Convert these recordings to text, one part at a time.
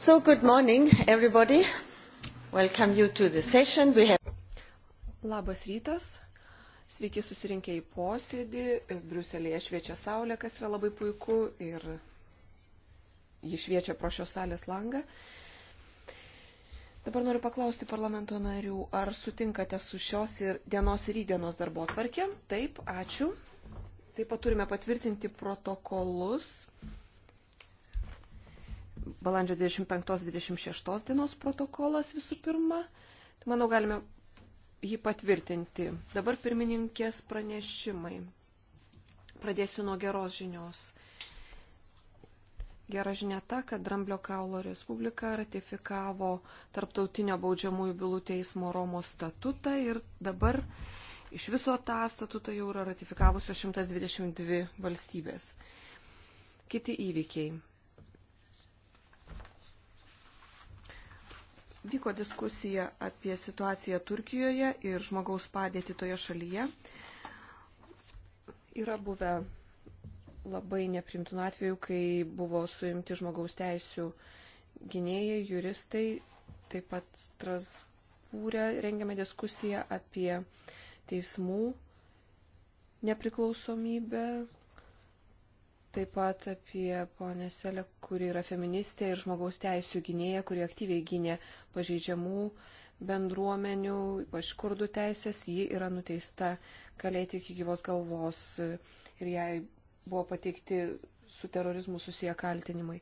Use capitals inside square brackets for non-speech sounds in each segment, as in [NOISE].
So, good morning, everybody. Welcome you to the session. We have... Labas rytas. Sveiki susirinkę į posėdį. Briuselėje šviečia saulė, kas yra labai puiku ir ji šviečia pro šios salės langą. Dabar noriu paklausti parlamento narių, ar sutinkate su šios ir dienos ir rydienos darbo atvarkė? Taip, ačiū. Taip pat turime patvirtinti protokolus balandžio 25-26 dienos protokolas visų pirma. Tai manau, galime jį patvirtinti. Dabar pirmininkės pranešimai. Pradėsiu nuo geros žinios. Gera žinia ta, kad Dramblio kaulo Respublika ratifikavo Tarptautinio baudžiamųjų bylų teismo Romos statutą ir dabar iš viso tą statutą jau yra ratifikavusios 122 valstybės. Kiti įvykiai. Vyko diskusija apie situaciją Turkijoje ir žmogaus padėtį toje šalyje. Yra buvę labai neprimtinų atvejų, kai buvo suimti žmogaus teisų gynėjai, juristai. Taip pat Strasbūrė rengiame diskusiją apie teismų nepriklausomybę, taip pat apie ponę Selę, kuri yra feministė ir žmogaus teisų gynėja, kuri aktyviai gynė pažeidžiamų bendruomenių, ypač kurdų teisės. Ji yra nuteista kalėti iki gyvos galvos ir jai buvo pateikti su terorizmu susiję kaltinimai.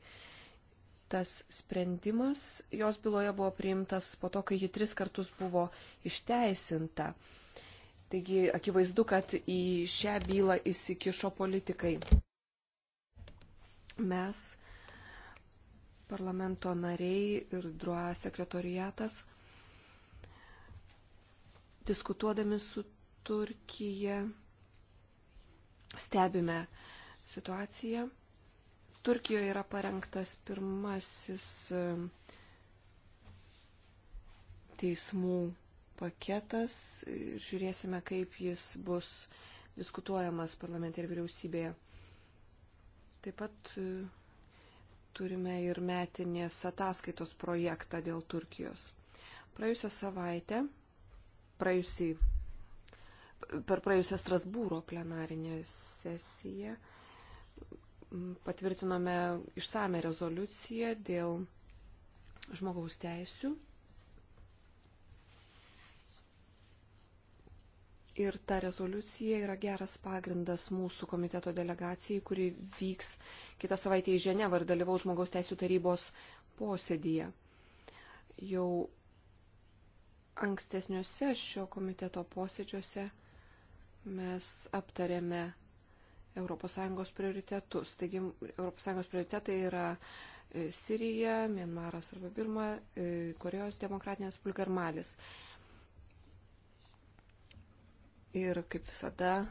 Tas sprendimas jos byloje buvo priimtas po to, kai ji tris kartus buvo išteisinta. Taigi akivaizdu, kad į šią bylą įsikišo politikai. Mes, parlamento nariai ir druo sekretoriatas, diskutuodami su Turkija, stebime situaciją. Turkijoje yra parengtas pirmasis e, teismų paketas ir žiūrėsime, kaip jis bus diskutuojamas parlamente ir vyriausybėje. Taip pat e, turime ir metinės ataskaitos projektą dėl Turkijos. Praėjusią savaitę, praėjusį, per praėjusią Strasbūro plenarinę sesiją patvirtinome išsame rezoliuciją dėl žmogaus teisių ir ta rezoliucija yra geras pagrindas mūsų komiteto delegacijai, kuri vyks kitą savaitę į Ženevą ir dalyvau žmogaus teisų tarybos posėdyje. Jau ankstesniuose šio komiteto posėdžiuose mes aptarėme ES prioritetus. Taigi ES prioritetai yra e, Sirija, Mienmaras arba Birma, e, Korejos demokratinės Bulgarmalis. Malis ir kaip visada e,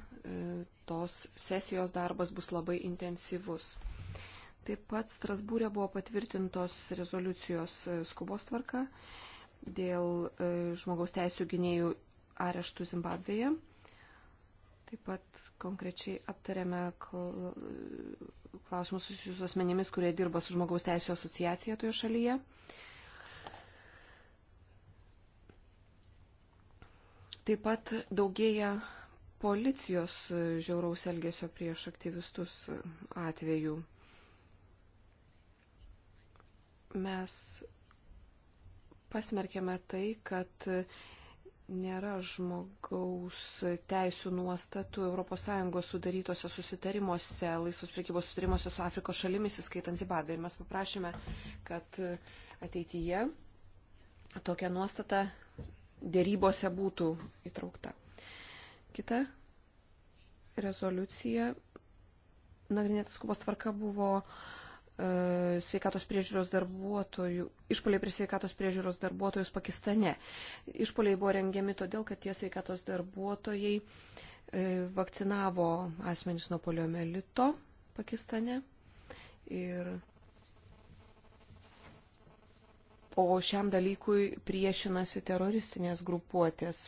tos sesijos darbas bus labai intensyvus. Taip pat Strasbūrė buvo patvirtintos rezoliucijos e, skubos tvarka dėl e, žmogaus teisų gynėjų areštų Zimbabvėje. Taip pat konkrečiai aptarėme klausimus susijusius asmenimis, kurie dirba su žmogaus teisų asociacija toje šalyje. Taip pat daugėja policijos žiauraus elgesio prieš aktyvistus atveju. Mes pasmerkėme tai, kad nėra žmogaus teisų nuostatų ES sudarytose susitarimuose, laisvos priekybos sutarimuose su Afrikos šalimis, įskaitant Zimbabvę. Ir mes paprašėme, kad ateityje tokia nuostata dėrybose būtų įtraukta. Kita rezoliucija nagrinėta skubos tvarka buvo e, sveikatos priežiūros darbuotojų, išpoliai prie sveikatos priežiūros darbuotojus Pakistane. Išpoliai buvo rengiami todėl, kad tie sveikatos darbuotojai e, vakcinavo asmenys nuo poliomelito Pakistane ir o šiam dalykui priešinasi teroristinės grupuotės.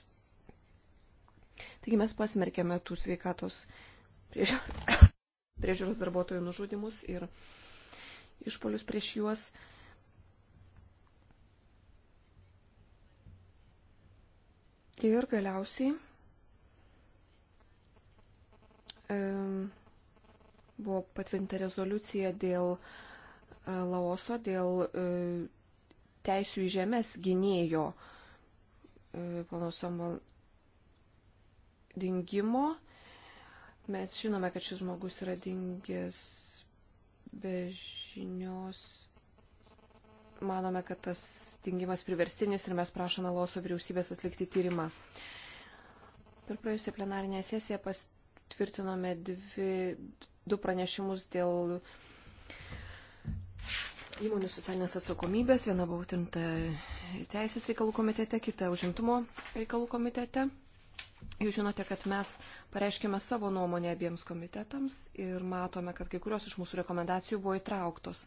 Taigi mes pasmerkėme tų sveikatos [COUGHS] priežiūros darbuotojų nužudimus ir išpolius prieš juos. Ir galiausiai e, buvo patvirtinta rezoliucija dėl e, Laoso, dėl e, teisų į žemės gynėjo e, pono Somal dingimo. Mes žinome, kad šis žmogus yra dingęs be žinios. Manome, kad tas dingimas priverstinis ir mes prašome Loso vyriausybės atlikti tyrimą. Per praėjusią plenarinę sesiją patvirtinome dvi, du pranešimus dėl įmonių socialinės atsakomybės, viena buvo tinta teisės reikalų komitete, kita užimtumo reikalų komitete. Jūs žinote, kad mes pareiškėme savo nuomonę abiems komitetams ir matome, kad kai kurios iš mūsų rekomendacijų buvo įtrauktos.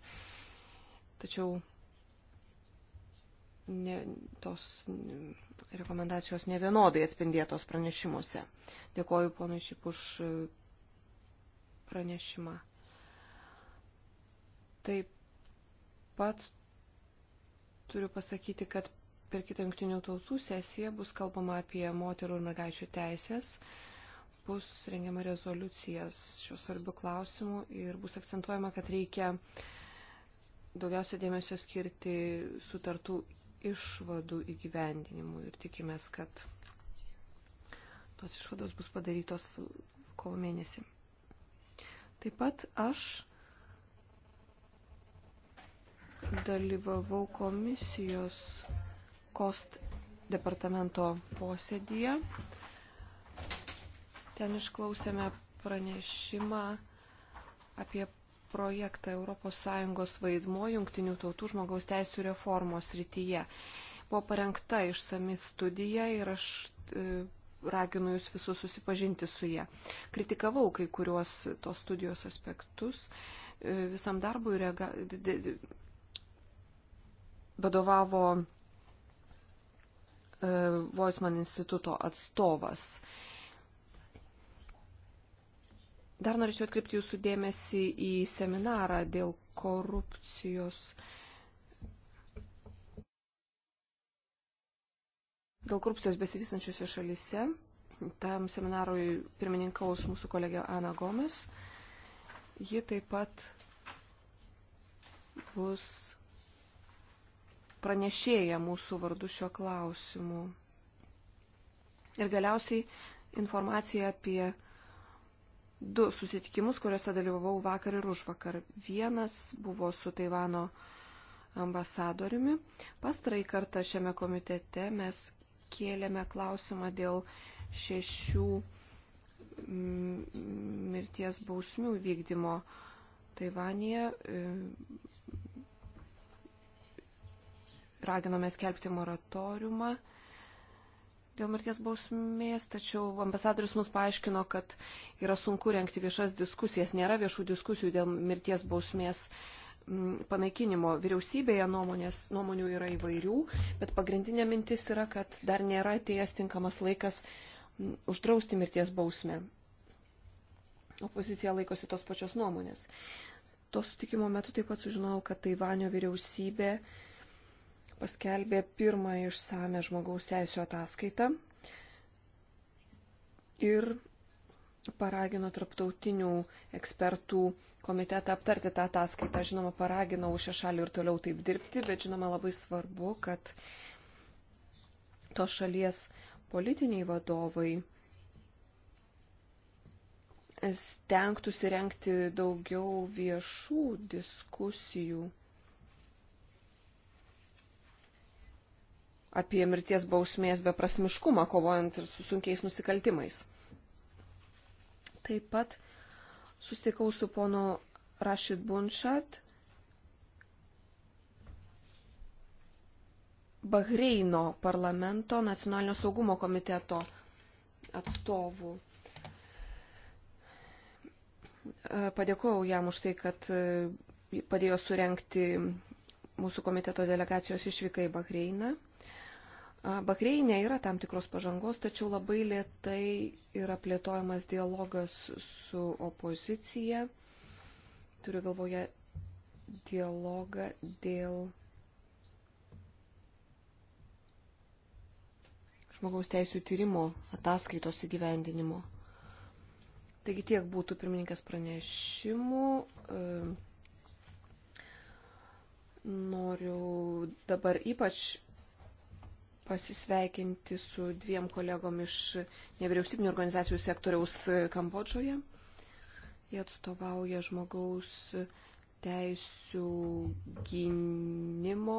Tačiau ne, tos rekomendacijos nevienodai atspindėtos pranešimuose. Dėkoju ponui Šip už e, pranešimą. Taip, pat turiu pasakyti, kad per kitą jungtinių tautų sesiją bus kalbama apie moterų ir mergaičių teisės, bus rengiama rezoliucijas šios svarbių klausimų ir bus akcentuojama, kad reikia daugiausia dėmesio skirti sutartų išvadų įgyvendinimu ir tikimės, kad tos išvados bus padarytos kovo mėnesį. Taip pat aš dalyvavau komisijos kost departamento posėdyje. Ten išklausėme pranešimą apie projektą ES vaidmo jungtinių tautų žmogaus teisų reformos rytyje. Buvo parengta išsami studija ir aš e, raginu jūs visus susipažinti su ją. Kritikavau kai kuriuos tos studijos aspektus. E, visam darbui rega, d, d, d, vadovavo Voisman e, instituto atstovas. Dar norėčiau atkreipti jūsų dėmesį į seminarą dėl korupcijos. Dėl korupcijos besivystančiuose šalise. Tam seminarui pirmininkaus mūsų kolegė Ana Gomes. Ji taip pat bus pranešėja mūsų vardu šiuo klausimu. Ir galiausiai informacija apie du susitikimus, kuriuose dalyvavau vakar ir už vakar. Vienas buvo su Taivano ambasadoriumi. Pastarai kartą šiame komitete mes kėlėme klausimą dėl šešių mm, mirties bausmių vykdymo Taivanėje raginome skelbti moratoriumą dėl mirties bausmės, tačiau ambasadorius mus paaiškino, kad yra sunku renkti viešas diskusijas, nėra viešų diskusijų dėl mirties bausmės mm, panaikinimo. Vyriausybėje nuomonės, nuomonių yra įvairių, bet pagrindinė mintis yra, kad dar nėra atėjęs tinkamas laikas mm, uždrausti mirties bausmę. Opozicija laikosi tos pačios nuomonės. To sutikimo metu taip pat sužinojau, kad Taivanio vyriausybė uh, paskelbė pirmąją išsame žmogaus teisų ataskaitą ir paragino traptautinių ekspertų komitetą aptarti tą ataskaitą. Žinoma, paraginau šią šalį ir toliau taip dirbti, bet žinoma labai svarbu, kad tos šalies politiniai vadovai stengtųsi renkti daugiau viešų diskusijų apie mirties bausmės beprasmiškumą, kovojant ir su sunkiais nusikaltimais. Taip pat sustikau su ponu Rashid Bunšat, Bahreino parlamento nacionalinio saugumo komiteto atstovų. E, padėkojau jam už tai, kad e, padėjo surenkti mūsų komiteto delegacijos išvyką į Bahreiną. Bahreinė yra tam tikros pažangos, tačiau labai lietai yra plėtojamas dialogas su opozicija. Turiu galvoje dialogą dėl žmogaus teisų tyrimo ataskaitos įgyvendinimo. Taigi tiek būtų pirmininkas pranešimų. E, noriu dabar ypač pasisveikinti su dviem kolegom iš nevyriausybinio organizacijų sektoriaus Kambodžoje. Jie atstovauja žmogaus teisų gynimo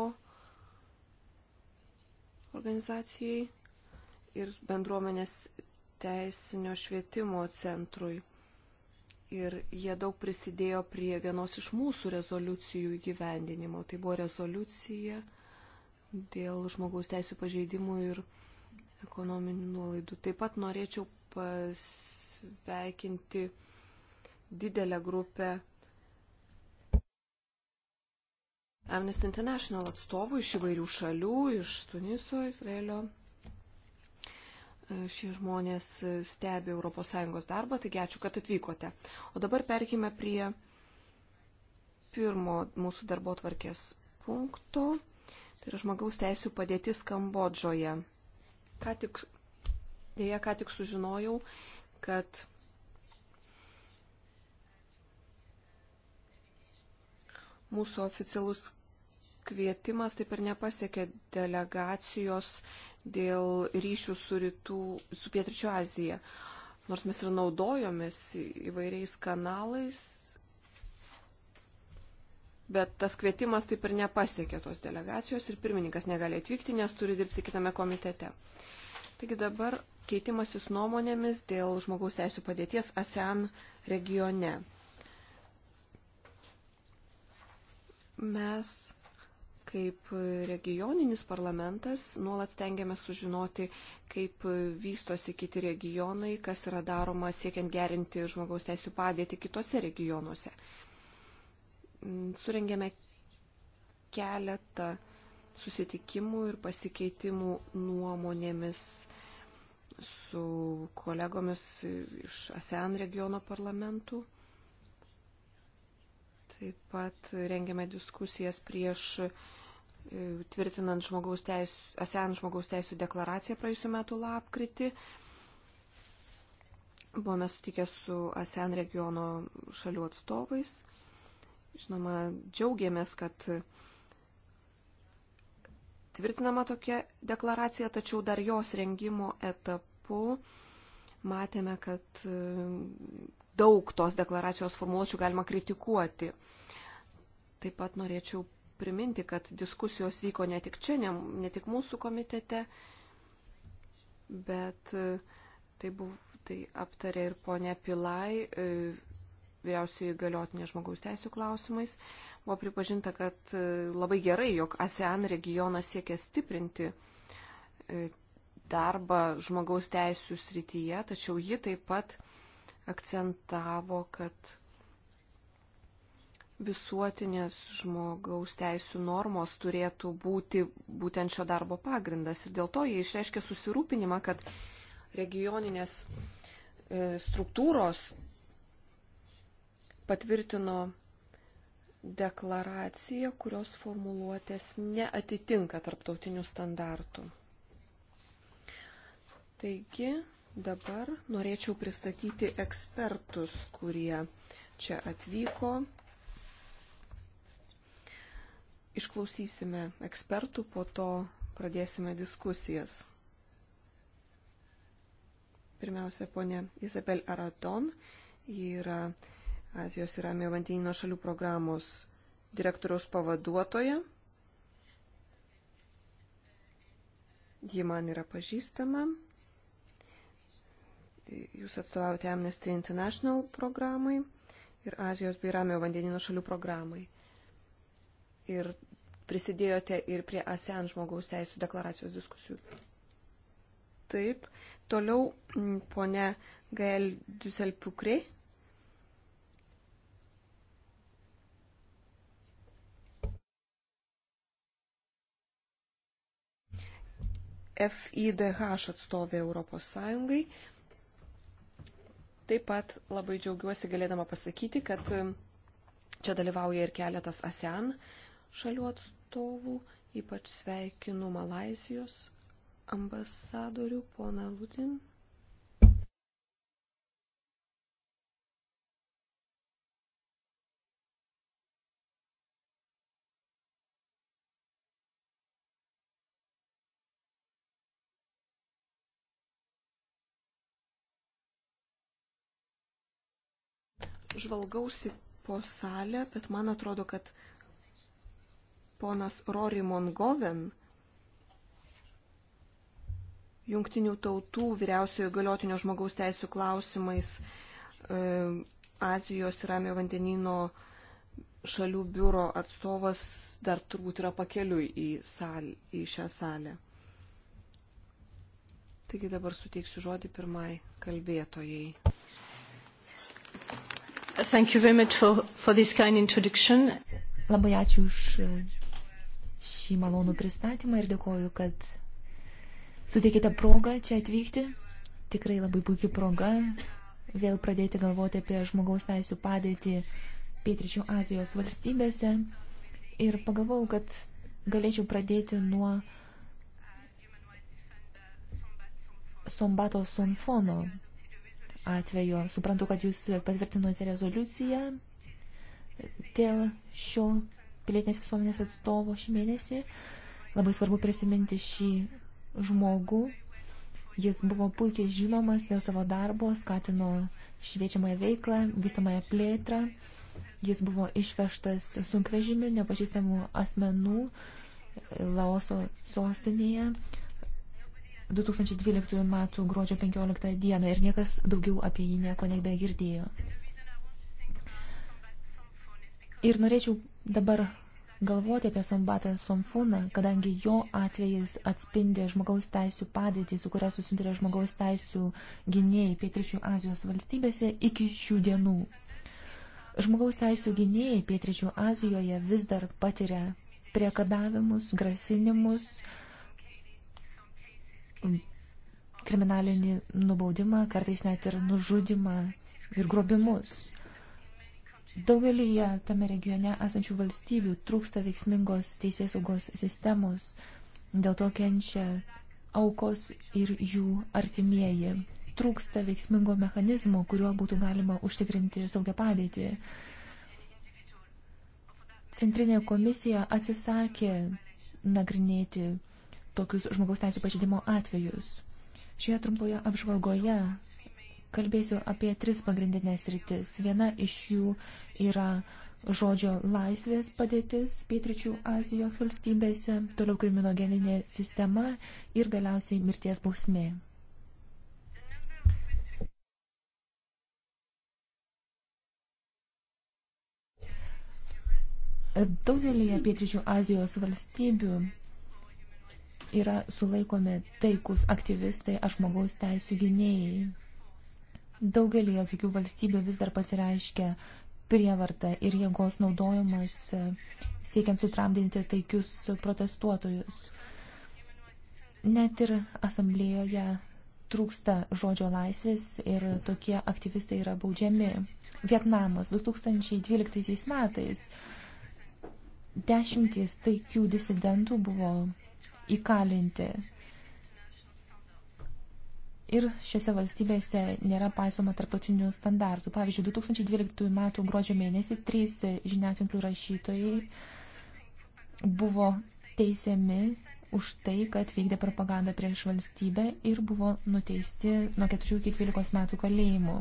organizacijai ir bendruomenės teisinio švietimo centrui. Ir jie daug prisidėjo prie vienos iš mūsų rezoliucijų įgyvendinimo. Tai buvo rezoliucija 2015-2016 dėl žmogaus teisų pažeidimų ir ekonominių nuolaidų. Taip pat norėčiau pasveikinti didelę grupę Amnesty International atstovų iš įvairių šalių, iš Tuniso, Izraelio. Šie žmonės stebi ES darbą, taigi ačiū, kad atvykote. O dabar perkime prie pirmo mūsų darbo tvarkės punkto. Tai yra žmogaus teisų padėtis Kambodžoje. Ką tik, dėja, ką tik sužinojau, kad mūsų oficialus kvietimas taip ir nepasiekė delegacijos dėl ryšių su, rytų, su Pietričio Azija. Nors mes ir naudojomės įvairiais kanalais, bet tas kvietimas taip ir nepasiekė tos delegacijos ir pirmininkas negali atvykti, nes turi dirbti kitame komitete. Taigi dabar keitimasis nuomonėmis dėl žmogaus teisų padėties ASEAN regione. Mes kaip regioninis parlamentas nuolat stengiamės sužinoti, kaip vystosi kiti regionai, kas yra daroma siekiant gerinti žmogaus teisų padėtį kitose regionuose surengėme keletą susitikimų ir pasikeitimų nuomonėmis su kolegomis iš ASEAN regiono parlamentų. Taip pat rengiame diskusijas prieš e, tvirtinant žmogaus teisų, ASEAN žmogaus teisų deklaraciją praėjusiu metu lapkritį. Buvome sutikę su ASEAN regiono šalių atstovais. Žinoma, džiaugiamės, kad tvirtinama tokia deklaracija, tačiau dar jos rengimo etapu matėme, kad e, daug tos deklaracijos formuluočių galima kritikuoti. Taip pat norėčiau priminti, kad diskusijos vyko ne tik čia, ne, ne tik mūsų komitete, bet e, tai, buvo, tai aptarė ir ponia Pilai e, vyriausiųjų galiotinė žmogaus teisų klausimais, buvo pripažinta, kad e, labai gerai, jog ASEAN regionas siekia stiprinti e, darbą žmogaus teisų srityje, tačiau ji taip pat akcentavo, kad visuotinės žmogaus teisų normos turėtų būti būtent šio darbo pagrindas. Ir dėl to jie išreiškė susirūpinimą, kad regioninės e, struktūros patvirtino deklaraciją, kurios formuluotės neatitinka tarptautinių standartų. Taigi dabar norėčiau pristatyti ekspertus, kurie čia atvyko. Išklausysime ekspertų, po to pradėsime diskusijas. Pirmiausia, ponė Izabel Araton, ji yra Azijos ir Ramio vandenino šalių programos direktoriaus pavaduotoja. Ji man yra pažįstama. Tai jūs atstovaujate Amnesty International programai ir Azijos bei Ramio vandenino šalių programai. Ir prisidėjote ir prie ASEAN žmogaus teisų deklaracijos diskusijų. Taip. Toliau ponė Gael Duselpukrai. FIDH atstovė Europos Sąjungai. Taip pat labai džiaugiuosi galėdama pasakyti, kad um, čia dalyvauja ir keletas ASEAN šalių atstovų, ypač sveikinu Malazijos ambasadorių poną Lutin žvalgausi po salę, bet man atrodo, kad ponas Rory Mongoven, jungtinių tautų vyriausiojo galiotinio žmogaus teisų klausimais e, Azijos ir Ramio vandenino šalių biuro atstovas dar turbūt yra pakeliui į, sal, į šią salę. Taigi dabar suteiksiu žodį pirmai kalbėtojai. For, for kind Labai ačiū už e, šį malonų pristatymą ir dėkoju, kad suteikite progą čia atvykti. Tikrai labai puikia proga vėl pradėti galvoti apie žmogaus teisų padėtį Pietričių Azijos valstybėse. Ir pagalvojau, kad galėčiau pradėti nuo Sombato Somfono atveju. Suprantu, kad jūs patvirtinote rezoliuciją dėl šio pilietinės visuomenės atstovo šį mėnesį. Labai svarbu prisiminti šį žmogų. Jis buvo puikiai žinomas dėl savo darbo, skatino šviečiamąją veiklą, vystamąją plėtrą. Jis buvo išvežtas sunkvežimiu nepažįstamų asmenų Laoso sostinėje. 2012 m. gruodžio 15 d. ir niekas daugiau apie jį nieko nebegirdėjo. Ir norėčiau dabar galvoti apie Sombatą Somfuną, kadangi jo atvejis atspindi žmogaus teisų padėtį, su kuria susiduria žmogaus teisų gynėjai Pietričių Azijos valstybėse iki šių dienų. Žmogaus teisų gynėjai Pietričių Azijoje vis dar patiria priekabiavimus, grasinimus, uh, kriminalinį nubaudimą, kartais net ir nužudimą ir grobimus. Daugelį tame regione esančių valstybių trūksta veiksmingos teisės saugos sistemos, dėl to kenčia aukos ir jų artimieji. Trūksta veiksmingo mechanizmo, kuriuo būtų galima užtikrinti saugią padėtį. Centrinė komisija atsisakė nagrinėti tokius žmogaus teisų pažydimo atvejus. Šioje trumpoje apžvalgoje kalbėsiu apie tris pagrindinės rytis. Viena iš jų yra žodžio laisvės padėtis pietričių Azijos valstybėse, toliau kriminogeninė sistema ir galiausiai mirties bausmė. Daugelį pietričių Azijos valstybių yra sulaikomi taikus aktyvistai ar žmogaus teisų gynėjai. Daugelį tokių valstybių vis dar pasireiškia prievarta ir jėgos naudojimas e, siekiant sutramdinti taikius protestuotojus. Net ir asamblėjoje trūksta žodžio laisvės ir tokie aktyvistai yra baudžiami. Vietnamas 2012 metais dešimtys taikių disidentų buvo įkalinti. Ir šiuose valstybėse nėra paisoma tarptautinių standartų. Pavyzdžiui, 2012 m. gruodžio mėnesį trys žiniatinklių rašytojai buvo teisiami už tai, kad vykdė propagandą prieš valstybę ir buvo nuteisti nuo 4 iki 12 metų kalėjimų.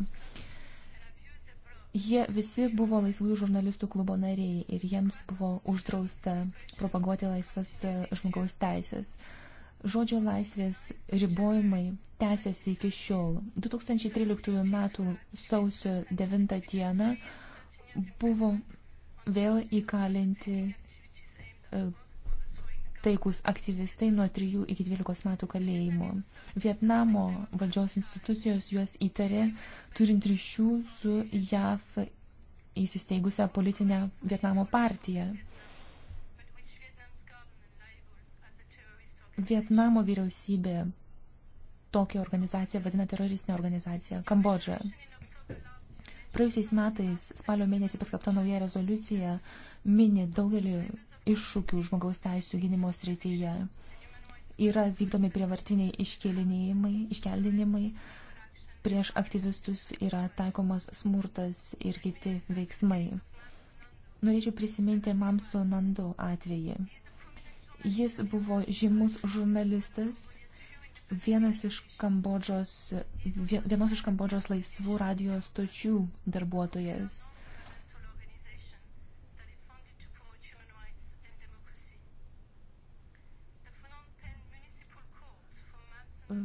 Jie visi buvo laisvųjų žurnalistų klubo nariai ir jiems buvo uždrausta propaguoti laisvas e, žmogaus teisės. Žodžio laisvės ribojimai tęsiasi iki šiol. 2013 m. sausio 9 d. buvo vėl įkalinti e, taikus aktyvistai nuo 3 iki 12 metų kalėjimo. Vietnamo valdžios institucijos juos įtarė turint ryšių su JAV įsisteigusią politinę Vietnamo partiją. Vietnamo vyriausybė tokią organizaciją vadina teroristinę organizaciją - Kambodžą. Praėjusiais metais spalio mėnesį paskelbta nauja rezoliucija mini daugelį iššūkių žmogaus teisų gynimo srityje. Yra vykdomi prievartiniai iškeldinimai, prieš aktyvistus yra taikomas smurtas ir kiti veiksmai. Norėčiau prisiminti Mamso Nando atvejį. Jis buvo žymus žurnalistas, vienas iš Kambodžos, vienos iš Kambodžos laisvų radijos stočių darbuotojas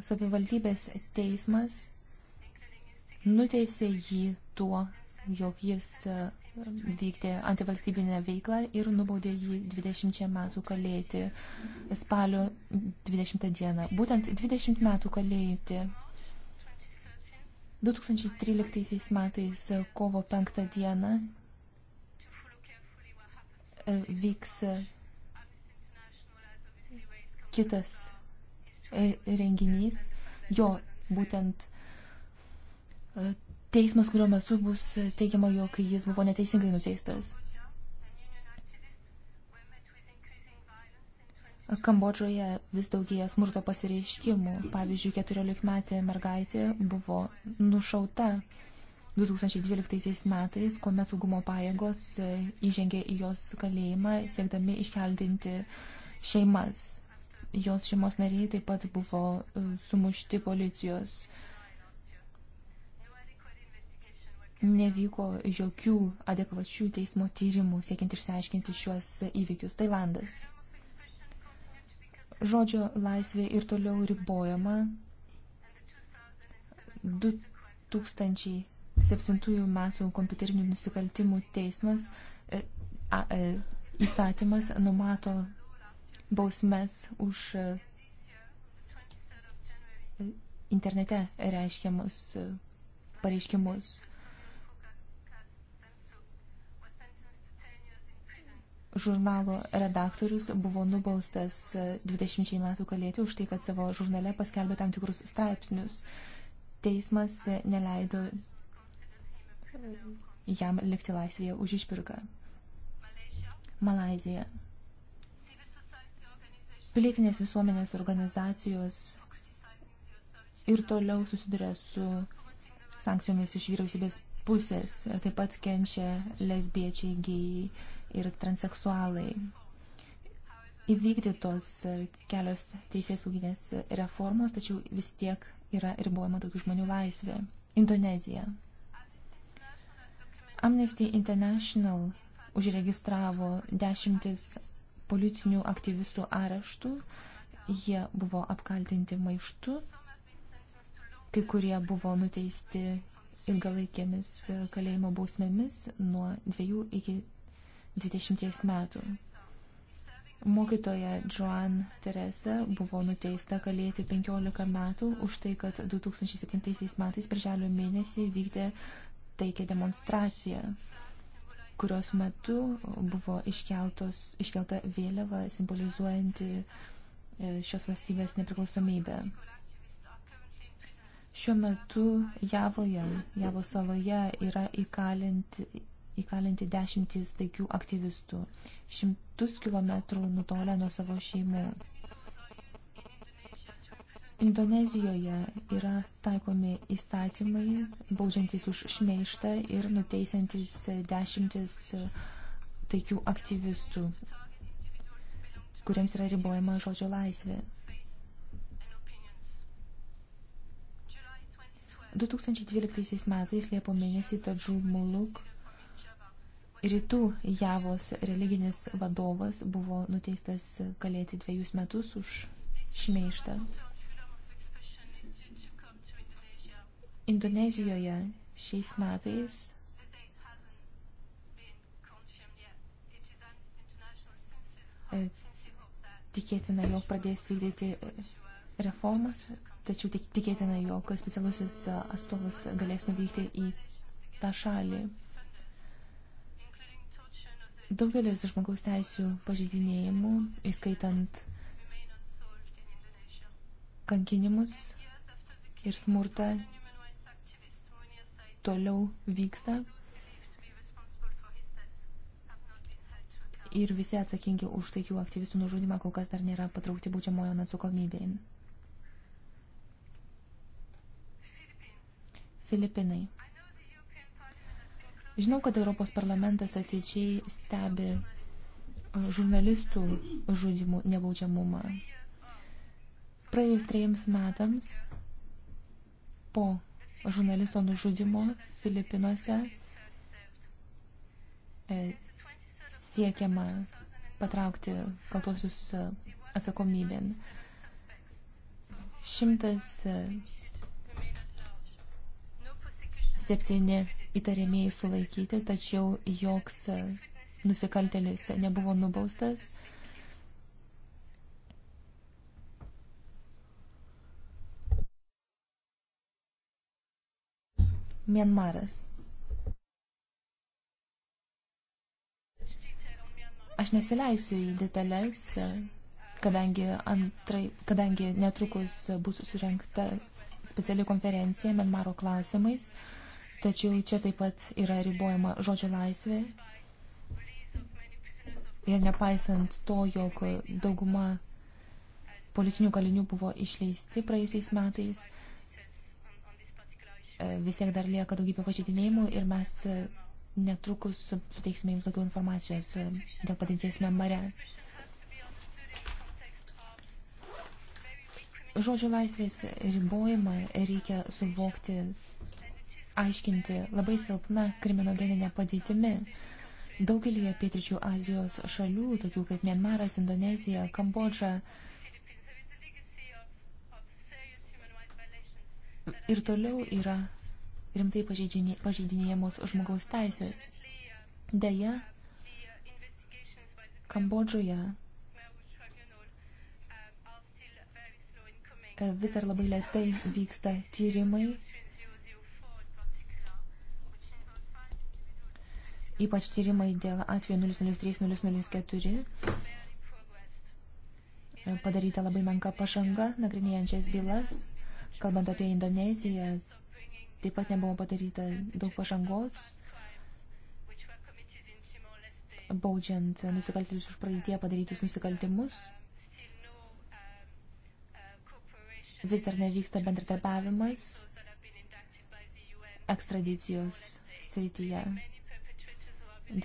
savivaldybės teismas nuteisė jį tuo, jog jis e, vykdė antivalstybinę veiklą ir nubaudė jį 20 metų kalėti spalio 20 dieną. Būtent 20 metų kalėti. 2013 metais e, kovo 5 dieną e, vyks kitas E, renginys. Jo, būtent e, teismas, kurio metu bus teigiama, jog jis buvo neteisingai nuteistas. Kambodžoje vis daugėja smurto pasireiškimų. Pavyzdžiui, 14-metė mergaitė buvo nušauta 2012 metais, kuomet saugumo pajėgos e, įžengė į jos kalėjimą, siekdami iškeldinti šeimas jos šeimos nariai taip pat buvo e, sumušti policijos. Nevyko jokių adekvačių teismo tyrimų siekiant išsiaiškinti šiuos įvykius. Tailandas. Žodžio laisvė ir toliau ribojama. 2007 metų kompiuterinių nusikaltimų teismas e, a, a, e, įstatymas numato bausmes už e, internete reiškiamus e, pareiškimus. Žurnalo redaktorius buvo nubaustas 20 e, metų kalėti už tai, kad savo žurnale paskelbė tam tikrus straipsnius. Teismas neleido jam likti laisvėje už išpirką. Malaizija. Pilietinės visuomenės organizacijos ir toliau susiduria su sankcijomis iš vyriausybės pusės. Taip pat kenčia lesbiečiai, gėjai ir transeksualai. Įvykdytos kelios teisės sauginės reformos, tačiau vis tiek yra ribojama tokių žmonių laisvė. Indonezija. Amnesty International užregistravo dešimtis politinių aktyvistų areštų. Jie buvo apkaltinti maištu, kai kurie buvo nuteisti ilgalaikėmis kalėjimo bausmėmis nuo 2 iki 20 metų. Mokytoja Joan Terese buvo nuteista kalėti 15 metų už tai, kad 2007 metais birželio mėnesį vykdė taikę demonstraciją kurios metu buvo iškeltos, iškelta vėliava simbolizuojanti e, šios valstybės nepriklausomybę. Šiuo metu Javoje, Javo saloje yra įkalinti, įkalinti dešimtys taikių aktyvistų, šimtus kilometrų nutolę nuo savo šeimų. Indonezijoje yra taikomi įstatymai, baudžiantys už šmeištą ir nuteisiantis dešimtis taikių aktyvistų, kuriems yra ribojama žodžio laisvė. 2012 metais Liepo mėnesį Tadžul Muluk rytų Javos religinis vadovas buvo nuteistas kalėti dviejus metus už šmeištą. Indonezijoje šiais metais e, tikėtina, jog pradės vykdyti e, reformas, tačiau tik tikėtina, jog specialusis e, atstovas galės nuvykti į tą šalį. Daugelis žmogaus teisų pažydinėjimų, įskaitant kankinimus ir smurtą, toliau vyksta. Ir visi atsakingi už taikių aktyvistų nužudimą kol kas dar nėra patraukti būčiamojo atsakomybėn. Filipinai. Žinau, kad Europos parlamentas ateičiai stebi e, žurnalistų žudimų nebaudžiamumą. Praėjus trejams metams po žurnalisto nužudimo Filipinuose e, siekiama patraukti kaltuosius e, atsakomybėn. Šimtas e, septyni įtariamieji sulaikyti, tačiau joks nusikaltėlis nebuvo nubaustas. Mienmaras. Aš nesileisiu į detalės, kadangi, antrai, kadangi netrukus bus surinkta speciali konferencija Mienmaro klausimais, tačiau čia taip pat yra ribojama žodžio laisvė. Ir nepaisant to, jog dauguma politinių kalinių buvo išleisti praėjusiais metais, vis tiek dar lieka daugybė pažeidinėjimų ir mes e, netrukus suteiksime jums daugiau informacijos e, dėl padėties memare. Žodžio laisvės ribojimą reikia suvokti, aiškinti labai silpna kriminogeninė padėtimi. Daugelį pietričių Azijos šalių, tokių kaip Mienmaras, Indonezija, Kambodža, ir toliau yra rimtai pažeidinėjamos žmogaus teisės. Deja, Kambodžoje e, vis dar labai lėtai vyksta tyrimai, ypač tyrimai dėl atveju 003-004 e, padaryta labai menka pažanga nagrinėjančias bylas. Kalbant apie Indoneziją, taip pat nebuvo padaryta daug pažangos, baudžiant nusikaltėlius už praeitie padarytus nusikaltimus. Vis dar nevyksta bendradarbiavimas ekstradicijos srityje.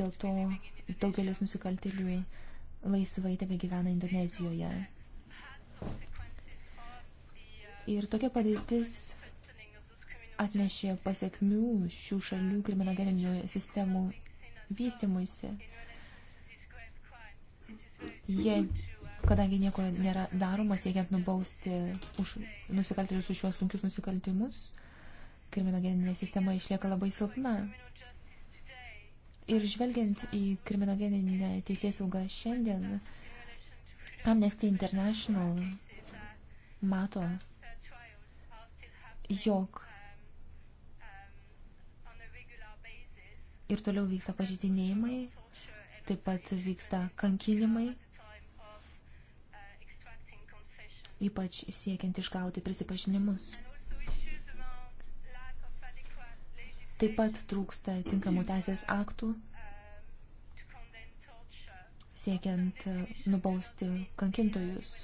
Dėl to daugelis nusikaltėlių laisvai tebe gyvena Indonezijoje. Ir tokia padėtis atnešė pasiekmių šių šalių kriminogeninių sistemų vystimuisi. Jie, kadangi nieko nėra daroma, siekiant nubausti už nusikaltėlius už šiuos sunkius nusikaltimus, kriminogeninė sistema išlieka labai silpna. Ir žvelgiant į kriminogeninę teisėsaugą šiandien, Amnesty International mato jog ir toliau vyksta pažydinėjimai, taip pat vyksta kankinimai, ypač siekiant išgauti prisipažinimus. Taip pat trūksta tinkamų teisės aktų, siekiant nubausti kankintojus.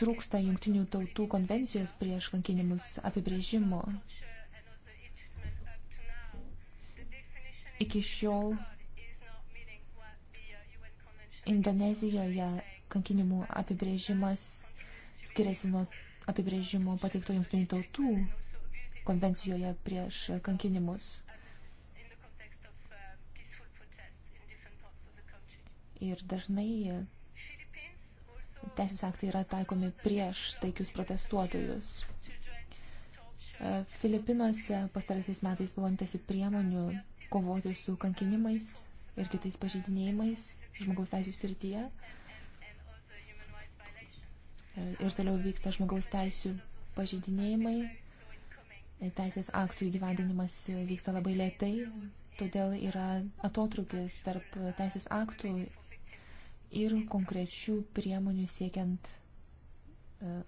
trūksta jungtinių tautų konvencijos prieš kankinimus apibrėžimo. Iki šiol Indonezijoje kankinimų apibrėžimas skiriasi nuo apibrėžimo pateikto jungtinių tautų konvencijoje prieš kankinimus. Ir dažnai teisės aktai yra taikomi prieš taikius protestuotojus. E, Filipinuose pastaraisiais metais buvo imtasi priemonių kovoti su kankinimais ir kitais pažeidinėjimais žmogaus teisų srityje. E, ir toliau vyksta žmogaus teisų pažeidinėjimai. E, teisės aktų įgyvendinimas vyksta labai lėtai, todėl yra atotrukis tarp teisės aktų ir konkrečių priemonių siekiant uh,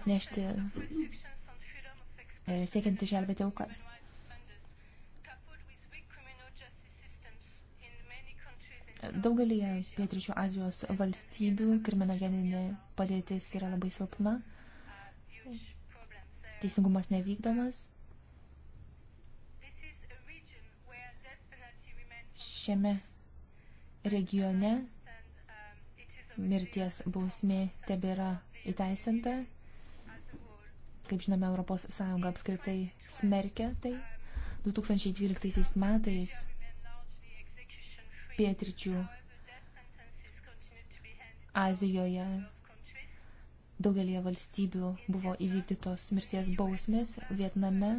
atnešti, uh, siekiant išgelbėti aukas. Daugelį pietričių Azijos valstybių kriminogeninė padėtis yra labai silpna, teisingumas nevykdomas šiame regione mirties bausmė tebėra įteisinta. Kaip žinome, ES apskritai smerkia tai. 2012 metais pietričių Azijoje daugelie valstybių buvo įvykdytos mirties bausmės, Vietname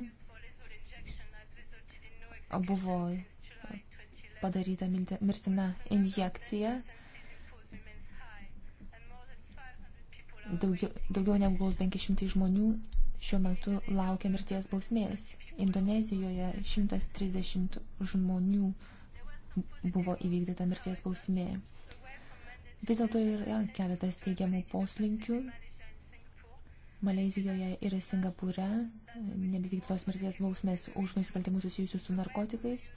buvo padaryta mirtina injekcija. Daugiau, daugiau negu 500 žmonių šiuo metu laukia mirties bausmės. Indonezijoje 130 žmonių buvo įvykdyta mirties bausmė. Vis dėlto yra keletas teigiamų poslinkių. Malezijoje ir Singapūre nebevykdytos mirties bausmės už nusikaltimus susijusius su narkotikais.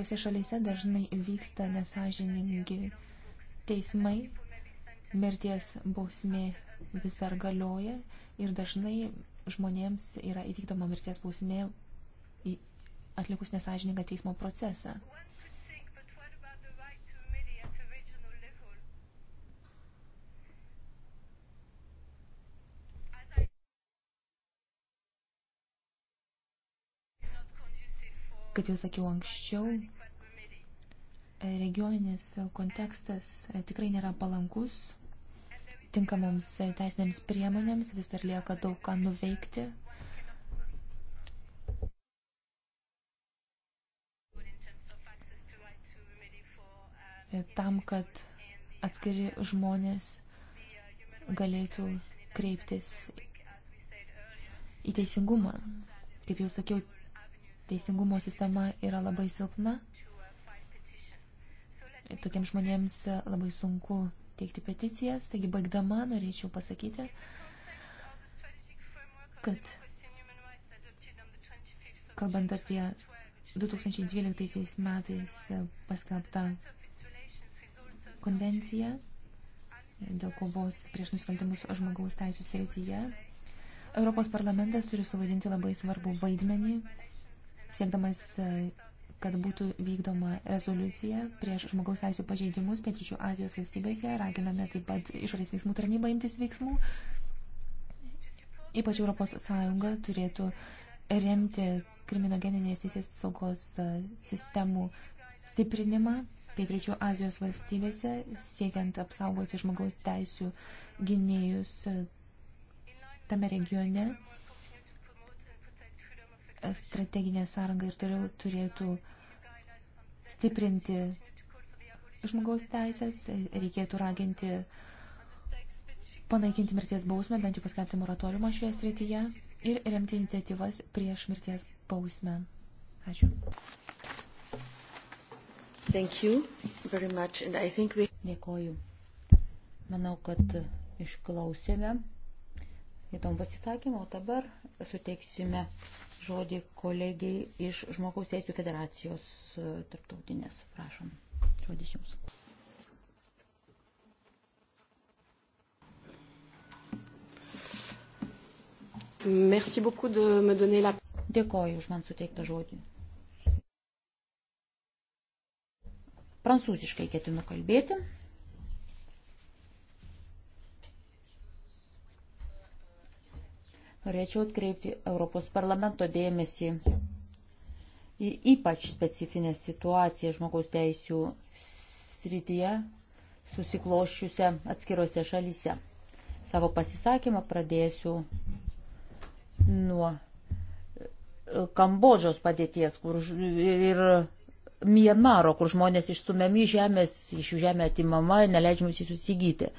tose šalyse dažnai vyksta nesažiningi teismai, mirties bausmė vis dar galioja ir dažnai žmonėms yra įvykdoma mirties bausmė atlikus nesažiningą teismo procesą. Kaip jau sakiau anksčiau, regioninis kontekstas e, tikrai nėra palankus tinkamoms e, teisinėms priemonėms, vis dar lieka daug ką nuveikti. E, tam, kad atskiri žmonės galėtų kreiptis į teisingumą. Kaip jau sakiau, teisingumo sistema yra labai silpna. Tokiems žmonėms labai sunku teikti peticijas. Taigi, baigdama, norėčiau pasakyti, kad kalbant apie 2012 metais paskelbtą konvenciją dėl kovos prieš nusikaltimus žmogaus teisų srityje, Europos parlamentas turi suvaidinti labai svarbų vaidmenį siekdamas, e, kad būtų vykdoma rezoliucija prieš žmogaus teisų pažeidimus Pietričių Azijos valstybėse. Raginame taip pat išorės veiksmų tarnybą imtis veiksmų. Ypač ES turėtų remti kriminogeninės teisės saugos e, sistemų stiprinimą Pietričių Azijos valstybėse, siekiant apsaugoti žmogaus teisų gynėjus e, tame regione strateginė sąranga ir toliau turėtų stiprinti žmogaus teisės, reikėtų raginti panaikinti mirties bausmę, bent jau paskelbti moratoriumą šioje srityje ir remti iniciatyvas prieš mirties bausmę. Ačiū. Thank you very much and I think we... Dėkoju. Manau, kad išklausėme įdomų pasisakymą, o dabar suteiksime žodį kolegiai iš Žmogaus Teisų federacijos e, tarptautinės. Prašom, žodis jums. Merci beaucoup de me donner la. Dėkoju už man suteiktą žodį. Prancūziškai ketinu kalbėti. Norėčiau atkreipti Europos parlamento dėmesį į ypač specifinę situaciją žmogaus teisų srityje susikloščiusią atskirose šalyse. Savo pasisakymą pradėsiu nuo e, Kambodžos padėties kur, ir Mienmaro, kur žmonės išstumiami žemės, iš jų žemė atimama, neleidžiamas įsigyti.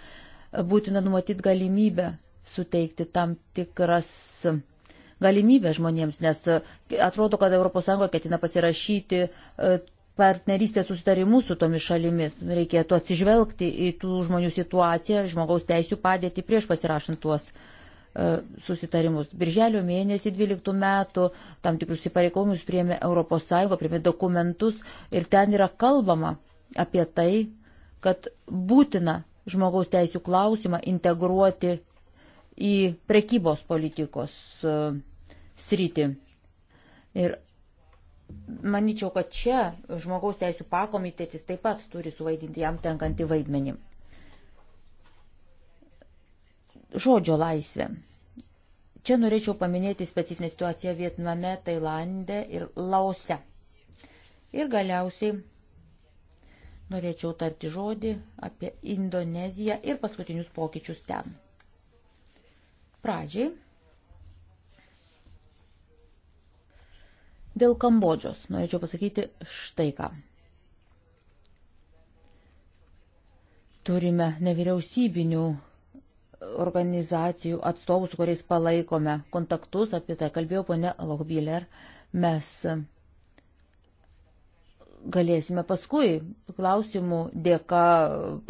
Būtina numatyti galimybę suteikti tam tikras galimybę žmonėms, nes e, atrodo, kad ES ketina pasirašyti e, partnerystės susitarimus su tomis šalimis. Reikėtų atsižvelgti į tų žmonių situaciją, žmogaus teisų padėtį prieš pasirašant tuos e, susitarimus. Birželio mėnesį 12 metų tam tikrus įpareigojimus priemė ES, priemė dokumentus ir ten yra kalbama apie tai, kad būtina žmogaus teisų klausimą integruoti į prekybos politikos e, sritį. Ir manyčiau, kad čia žmogaus teisų pakomitėtis taip pat turi suvaidinti jam tenkantį vaidmenį. Žodžio laisvė. Čia norėčiau paminėti specifinę situaciją Vietname, Tailande ir Laose. Ir galiausiai norėčiau tarti žodį apie Indoneziją ir paskutinius pokyčius ten. Pradžiai dėl Kambodžos norėčiau pasakyti štai ką. Turime nevyriausybinių organizacijų atstovų, su kuriais palaikome kontaktus, apie tai kalbėjo ponė Lochbiller. Mes galėsime paskui klausimų dėka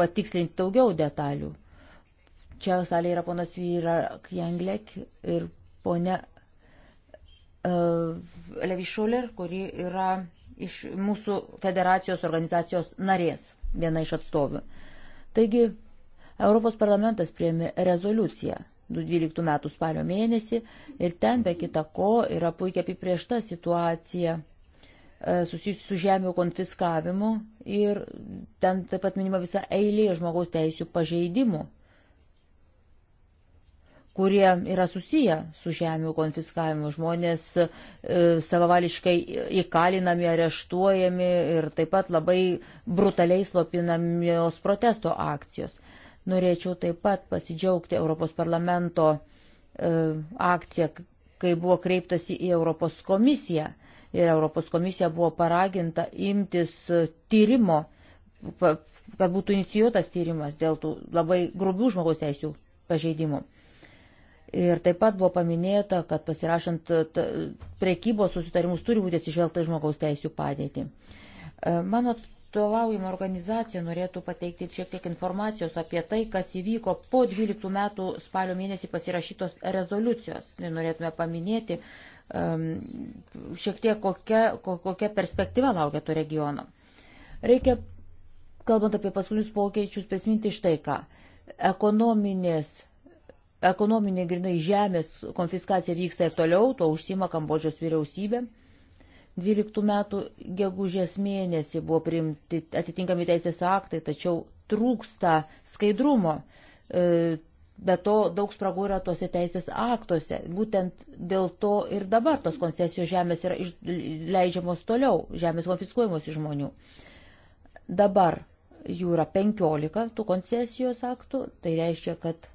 patikslinti daugiau detalių. Čia salė yra ponas Vyra Kjenglek ir ponia uh, Levi Šuler, kuri yra iš mūsų federacijos organizacijos narės, viena iš atstovių. Taigi, Europos parlamentas priemi rezoliuciją 2012 metų spalio mėnesį ir ten be kita ko yra puikiai apipriešta situacija e, susijusi su žemių konfiskavimu ir ten taip pat minima visa eilė žmogaus teisų pažeidimų kurie yra susiję su žemių konfiskavimu. Žmonės e, savavališkai įkalinami, areštuojami ir taip pat labai brutaliai slopinamios protesto akcijos. Norėčiau taip pat pasidžiaugti Europos parlamento e, akciją, kai buvo kreiptasi į Europos komisiją. Ir Europos komisija buvo paraginta imtis tyrimo, kad būtų inicijuotas tyrimas dėl tų labai grubių žmogaus teisų pažeidimų. Ir taip pat buvo paminėta, kad pasirašant prekybos susitarimus turi būti atsižvelgta žmogaus teisų padėti. E, mano atstovaujama organizacija norėtų pateikti šiek tiek informacijos apie tai, kas įvyko po 12 metų spalio mėnesį pasirašytos rezoliucijos. Tai norėtume paminėti šiek tiek kokia, kokia perspektyva laukia to regiono. Reikia, kalbant apie paskutinius pokyčius, prisiminti štai ką. Ekonominės Ekonominė grinai žemės konfiskacija vyksta ir toliau, to užsima Kambodžos vyriausybė. 12 metų gegužės mėnesį buvo priimti atitinkami teisės aktai, tačiau trūksta skaidrumo. E, be to daug spragų yra tose teisės aktuose. Būtent dėl to ir dabar tos koncesijos žemės yra leidžiamos toliau, žemės konfiskuojamos iš žmonių. Dabar jų yra 15 tų koncesijos aktų, tai reiškia, kad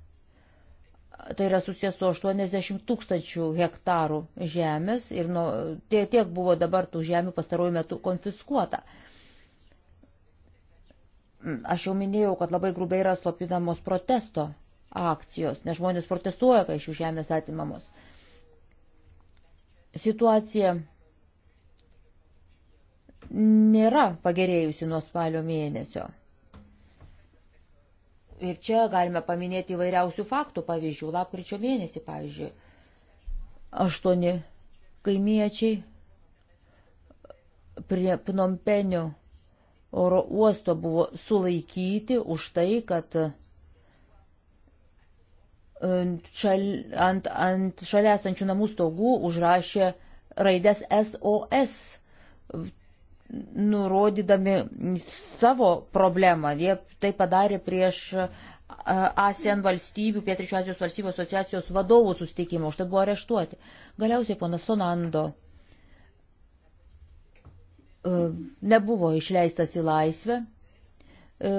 tai yra susijęs su 80 tūkstančių hektarų žemės ir nuo, tie, tiek buvo dabar tų žemių pastaruoju metu konfiskuota. Aš jau minėjau, kad labai grubiai yra slopinamos protesto akcijos, nes žmonės protestuoja, kai iš jų žemės atimamos. Situacija nėra pagerėjusi nuo spalio mėnesio. Ir čia galime paminėti įvairiausių faktų pavyzdžių. Lapkričio mėnesį, pavyzdžiui, aštuoni kaimiečiai prie Pnompenio oro uosto buvo sulaikyti už tai, kad e, šal, ant, ant šalia esančių namų stogų užrašė raidės SOS nurodydami savo problemą. Jie tai padarė prieš e, ASEAN valstybių, Pietričio Azijos valstybių asociacijos vadovų sustikimą, už tai buvo areštuoti. Galiausiai ponas Sonando e, nebuvo išleistas į laisvę, e,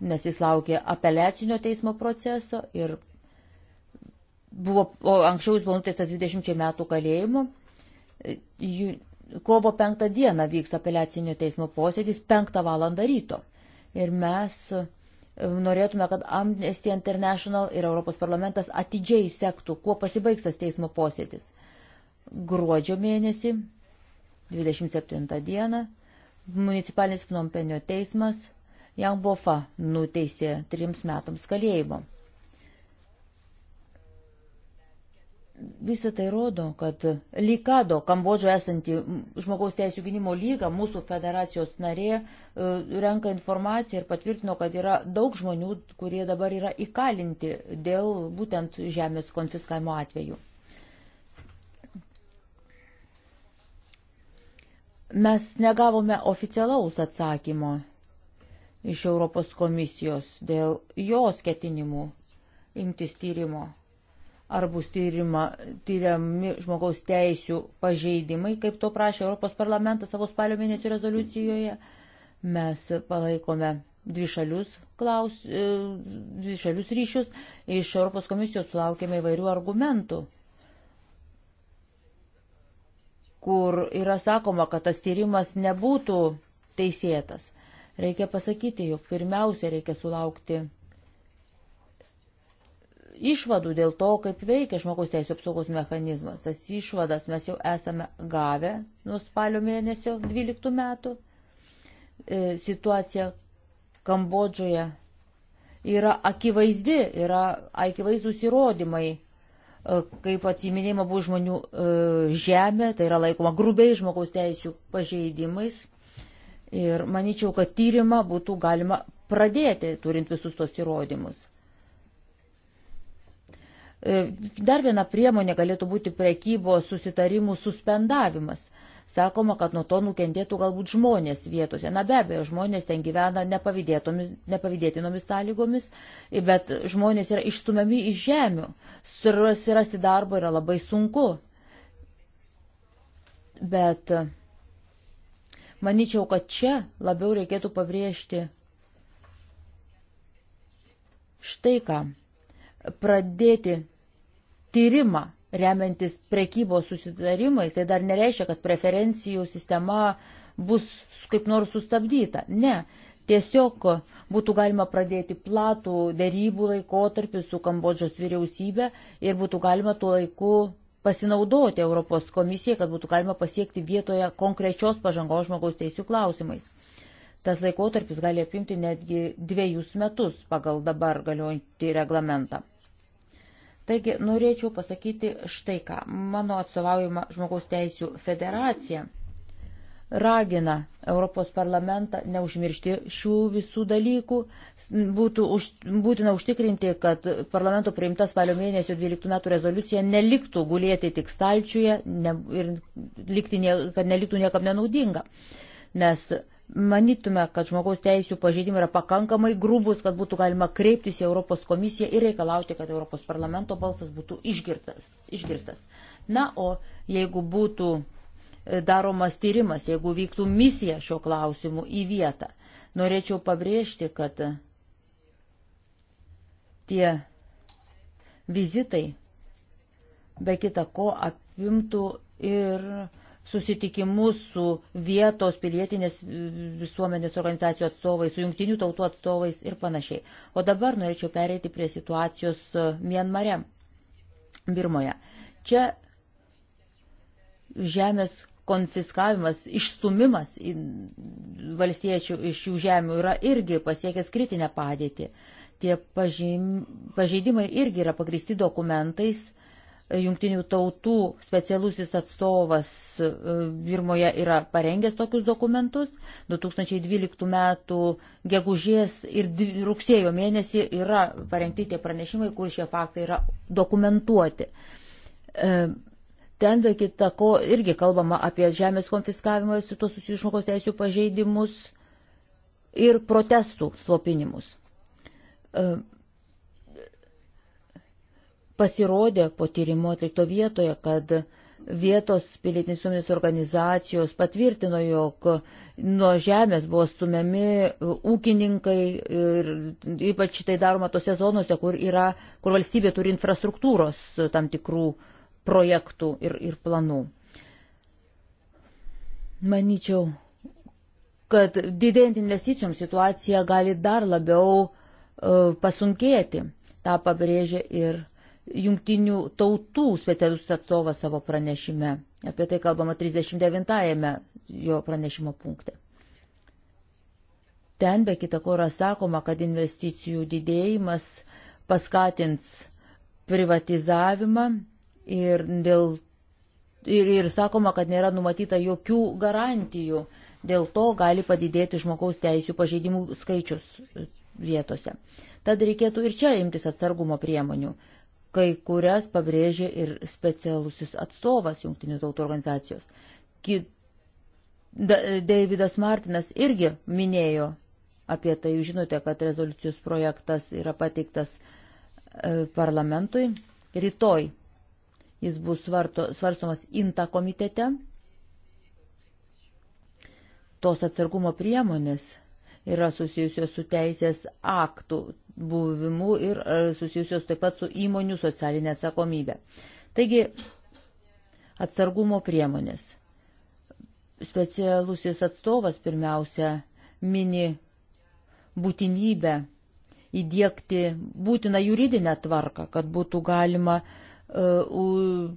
nes jis laukė apeliacinio teismo proceso ir buvo, o anksčiau jis buvo nuteistas 20 metų kalėjimo. Kovo penktą dieną vyks apeliacinio teismo posėdis penktą valandą ryto. Ir mes e, norėtume, kad Amnesty International ir Europos parlamentas atidžiai sektų, kuo pasibaigs tas teismo posėdis. Gruodžio mėnesį, 27 dieną, municipalinis Pnompenio teismas Jangbofa nuteisė trims metams kalėjimo. Visą tai rodo, kad Likado, Kambodžoje esanti žmogaus teisų gynimo lyga, mūsų federacijos narė, e, renka informaciją ir patvirtino, kad yra daug žmonių, kurie dabar yra įkalinti dėl būtent žemės konfiskavimo atveju. Mes negavome oficialaus atsakymo iš Europos komisijos dėl jos ketinimų imtis tyrimo ar bus tyrima, tyriami žmogaus teisų pažeidimai, kaip to prašė Europos parlamentas savo spalio mėnesio rezoliucijoje. Mes palaikome dvišalius, klaus, e, dvišalius ryšius. Iš Europos komisijos sulaukėme įvairių argumentų kur yra sakoma, kad tas tyrimas nebūtų teisėtas. Reikia pasakyti, jog pirmiausia reikia sulaukti išvadų dėl to, kaip veikia žmogaus teisų apsaugos mechanizmas. Tas išvadas mes jau esame gavę nuo spalio mėnesio 12 metų. E, situacija Kambodžoje yra akivaizdi, yra akivaizdus įrodymai, e, kaip atsiminėjama buvo žmonių e, žemė, tai yra laikoma grubiai žmogaus teisų pažeidimais. Ir manyčiau, kad tyrimą būtų galima pradėti, turint visus tos įrodymus. E, dar viena priemonė galėtų būti prekybos susitarimų suspendavimas. Sakoma, kad nuo to nukentėtų galbūt žmonės vietose. Na be abejo, žmonės ten gyvena nepavydėtinomis sąlygomis, bet žmonės yra išstumiami iš žemių. Surasti darbo yra labai sunku. Bet manyčiau, kad čia labiau reikėtų pabrėžti štai kam pradėti tyrimą remiantis prekybos susitarimais, tai dar nereiškia, kad preferencijų sistema bus kaip nors sustabdyta. Ne, tiesiog būtų galima pradėti platų dėrybų laikotarpį su Kambodžos vyriausybė ir būtų galima tuo laiku pasinaudoti Europos komisijai, kad būtų galima pasiekti vietoje konkrečios pažangos žmogaus teisų klausimais. Tas laikotarpis gali apimti netgi dviejus metus pagal dabar galiojantį reglamentą. Taigi norėčiau pasakyti štai ką. Mano atstovaujama žmogaus teisų federacija ragina Europos parlamentą neužmiršti šių visų dalykų. Būtų už, būtina užtikrinti, kad parlamento priimta spalio mėnesio 12 metų rezoliucija neliktų gulėti tik stalčiuje ne, ir likti, ne, kad neliktų niekam nenaudinga. Nes manytume, kad žmogaus teisų pažeidimai yra pakankamai grūbus, kad būtų galima kreiptis į Europos komisiją ir reikalauti, kad Europos parlamento balsas būtų išgirtas. išgirstas. Na, o jeigu būtų e, daromas tyrimas, jeigu vyktų misija šio klausimu į vietą, norėčiau pabrėžti, kad tie vizitai be kita ko apimtų ir susitikimus su vietos pilietinės visuomenės organizacijų atstovais, su jungtinių tautų atstovais ir panašiai. O dabar norėčiau pereiti prie situacijos e, Mienmare, Birmoje. Čia žemės konfiskavimas, išstumimas valstiečių iš jų žemių yra irgi pasiekęs kritinę padėtį. Tie pažeidimai irgi yra pagristi dokumentais Jungtinių tautų specialusis atstovas e, Birmoje yra parengęs tokius dokumentus. 2012 m. gegužės ir rugsėjo mėnesį yra parengti tie pranešimai, kur šie faktai yra dokumentuoti. E, ten be kita ko irgi kalbama apie žemės konfiskavimą ir su to susijušmokos teisų pažeidimus ir protestų slopinimus. E, Pasirodė po tyrimo atlikto vietoje, kad vietos pilietinės visuomenės organizacijos patvirtino, jog nuo žemės buvo stumiami e, ūkininkai ir ypač tai daroma tose zonose, kur, yra, kur valstybė turi infrastruktūros tam tikrų projektų ir, ir planų. Manyčiau, kad didėjant investicijoms situacija gali dar labiau uh, pasunkėti. Ta pabrėžia ir jungtinių tautų specialus atstovas savo pranešime. Apie tai kalbama 39-ame jo pranešimo punkte. Ten be kita ko yra sakoma, kad investicijų didėjimas paskatins privatizavimą ir, dėl, ir, ir sakoma, kad nėra numatyta jokių garantijų. Dėl to gali padidėti žmogaus teisų pažeidimų skaičius vietose. Tad reikėtų ir čia imtis atsargumo priemonių kai kurias pabrėžė ir specialusis atstovas Junktinių tautų organizacijos. Ki... Da, Davidas Martinas irgi minėjo apie tai, žinote, kad rezoliucijos projektas yra pateiktas e, parlamentui. Rytoj jis bus svarto, svarstomas INTA komitete. Tos atsargumo priemonės yra susijusios su teisės aktų buvimu ir e, susijusios taip pat su įmonių socialinė atsakomybė. Taigi, atsargumo priemonės. Specialusis atstovas pirmiausia mini būtinybę įdėkti būtiną juridinę tvarką, kad būtų galima uh,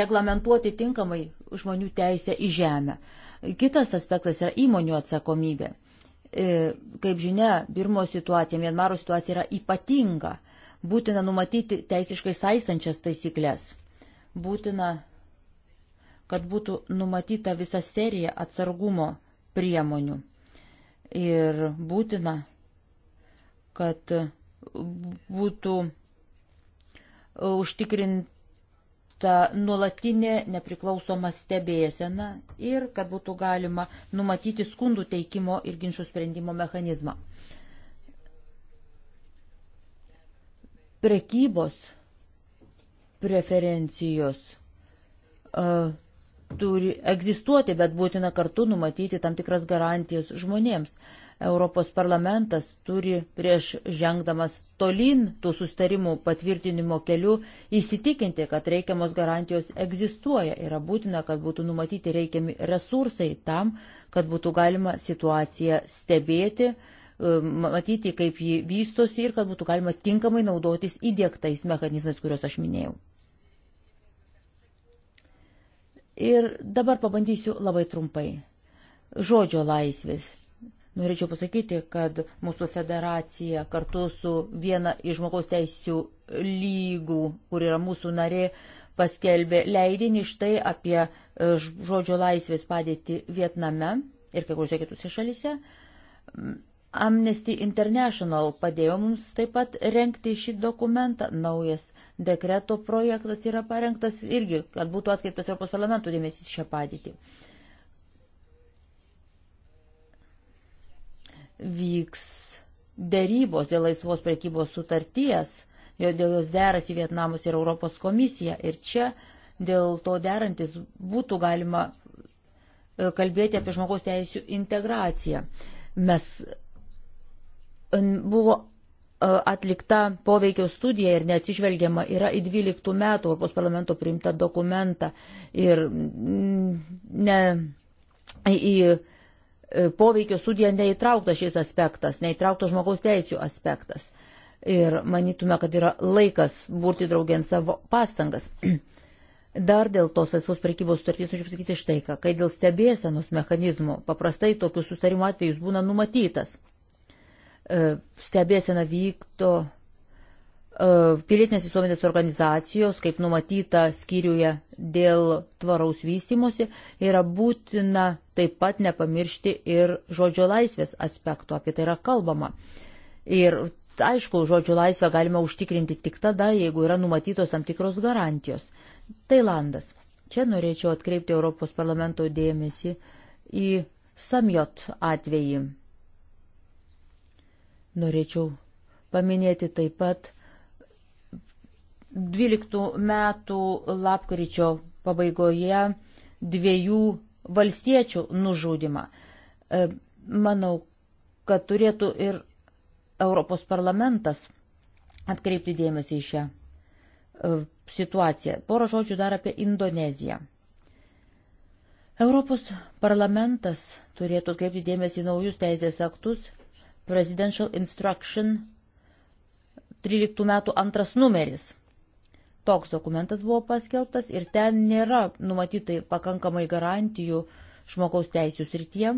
reglamentuoti tinkamai žmonių teisę į žemę. Uh, Kitas aspektas yra įmonių atsakomybė. E, kaip žinia, Birmo situacija, Mienmaro situacija yra ypatinga. Būtina numatyti teisiškai saistančias taisyklės. Būtina, kad būtų numatyta visa serija atsargumo priemonių. Ir būtina, kad būtų užtikrinti ta nuolatinė nepriklausoma stebėsena ir kad būtų galima numatyti skundų teikimo ir ginčių sprendimo mechanizmą. Prekybos preferencijos. Uh, turi egzistuoti, bet būtina kartu numatyti tam tikras garantijas žmonėms. Europos parlamentas turi prieš žengdamas tolin tų sustarimų patvirtinimo keliu įsitikinti, kad reikiamos garantijos egzistuoja. Yra būtina, kad būtų numatyti reikiami resursai tam, kad būtų galima situaciją stebėti, um, matyti, kaip ji vystosi ir kad būtų galima tinkamai naudotis įdėktais mechanizmais, kuriuos aš minėjau. Ir dabar pabandysiu labai trumpai. Žodžio laisvės. Norėčiau pasakyti, kad mūsų federacija kartu su viena iš žmogaus teisų lygų, kur yra mūsų narė, paskelbė leidinį štai apie e, žodžio laisvės padėti Vietname ir kai kuriuose kitose šalise. Amnesty International padėjo mums taip pat renkti šį dokumentą. Naujas dekreto projektas yra parengtas irgi, kad būtų atkreiptas Europos parlamento dėmesys šią padėtį. Vyks dėrybos dėl laisvos prekybos sutarties, jo dėl jos derasi Vietnamus ir Europos komisija. Ir čia dėl to derantis būtų galima e, kalbėti apie žmogaus teisų integraciją. Mes Buvo atlikta poveikio studija ir neatsižvelgiama yra į 12 metų Europos parlamento priimtą dokumentą ir ne, į e, poveikio studiją neįtrauktas šis aspektas, neįtrauktas žmogaus teisų aspektas. Ir manytume, kad yra laikas būti draugiant savo pastangas. [CLEARS THROAT] Dar dėl tos laisvos prekybos sutartys noriu pasakyti štai ką, kai dėl stebėsenos mechanizmų paprastai tokių sustarimų atvejus būna numatytas E, stebėsena vykdo e, pilietinės visuomenės organizacijos, kaip numatyta skyriuje dėl tvaraus vystimosi, yra būtina taip pat nepamiršti ir žodžio laisvės aspekto, apie tai yra kalbama. Ir aišku, žodžio laisvę galima užtikrinti tik tada, jeigu yra numatytos tam tikros garantijos. Tailandas. Čia norėčiau atkreipti Europos parlamento dėmesį į Samjot atvejį. Norėčiau paminėti taip pat 12 metų lapkričio pabaigoje dviejų valstiečių nužudimą. E, manau, kad turėtų ir Europos parlamentas atkreipti dėmesį į šią e, situaciją. Porą žodžių dar apie Indoneziją. Europos parlamentas turėtų atkreipti dėmesį į naujus teisės aktus Presidential Instruction 13 metų antras numeris. Toks dokumentas buvo paskelbtas ir ten nėra numatytai pakankamai garantijų žmogaus teisų srityje.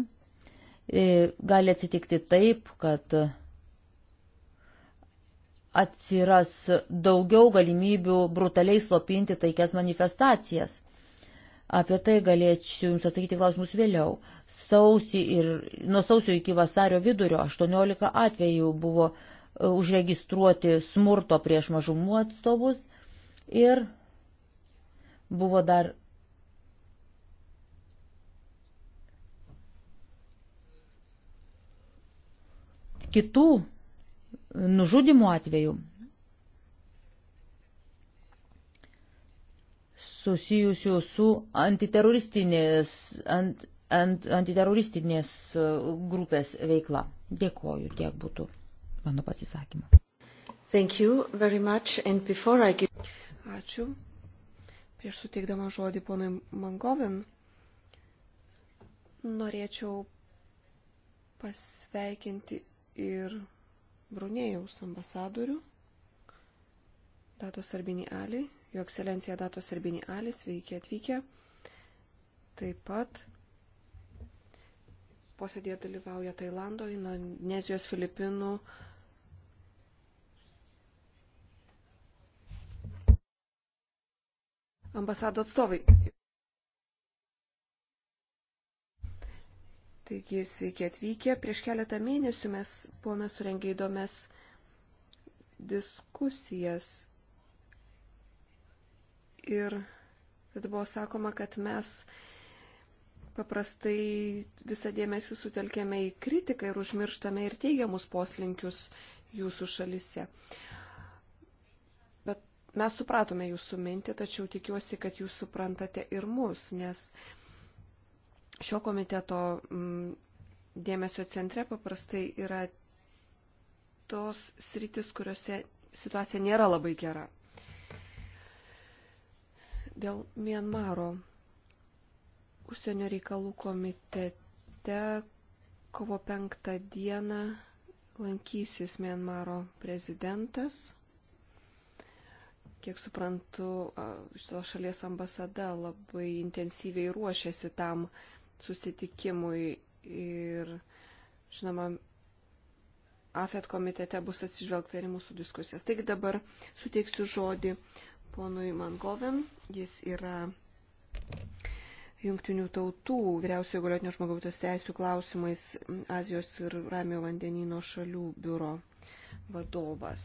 E, gali atsitikti taip, kad atsiras daugiau galimybių brutaliai slopinti taikias manifestacijas Apie tai galėčiau Jums atsakyti klausimus vėliau. Sausį ir nuo sausio iki vasario vidurio 18 atvejų buvo e, užregistruoti smurto prieš mažumų atstovus ir buvo dar kitų nužudimų atvejų. susijusių su antiteroristinės, ant, ant, antiteroristinės e, grupės veikla. Dėkoju, tiek būtų mano pasisakymų. Give... Ačiū. Prieš suteikdama žodį ponui Mangovin, norėčiau pasveikinti ir Brunėjaus ambasadorių. Dato Sarbini Ali, jo ekscelencija Dato Sarbini Ali, sveiki atvykę. Taip pat posėdėje dalyvauja Tailando, Indonezijos, Filipinų, ambasado atstovai. Taigi, sveiki atvykę. Prieš keletą mėnesių mes buvome surengę įdomias diskusijas Ir tada buvo sakoma, kad mes paprastai visą dėmesį sutelkėme į kritiką ir užmirštame ir teigiamus poslinkius jūsų šalise. Bet mes supratome jūsų mintį, tačiau tikiuosi, kad jūs suprantate ir mus, nes šio komiteto mm, dėmesio centre paprastai yra tos sritis, kuriuose situacija nėra labai gera. Dėl Mienmaro užsienio reikalų komitete kovo penktą dieną lankysis Mienmaro prezidentas. Kiek suprantu, šios šalies ambasada labai intensyviai ruošiasi tam susitikimui ir, žinoma, AFET komitete bus atsižvelgta ir mūsų diskusijas. Taigi dabar suteiksiu žodį ponui Mangoven. Jis yra Junktinių tautų vyriausiojo galiotinio žmogaus teisų klausimais Azijos ir Ramio vandenino šalių biuro vadovas.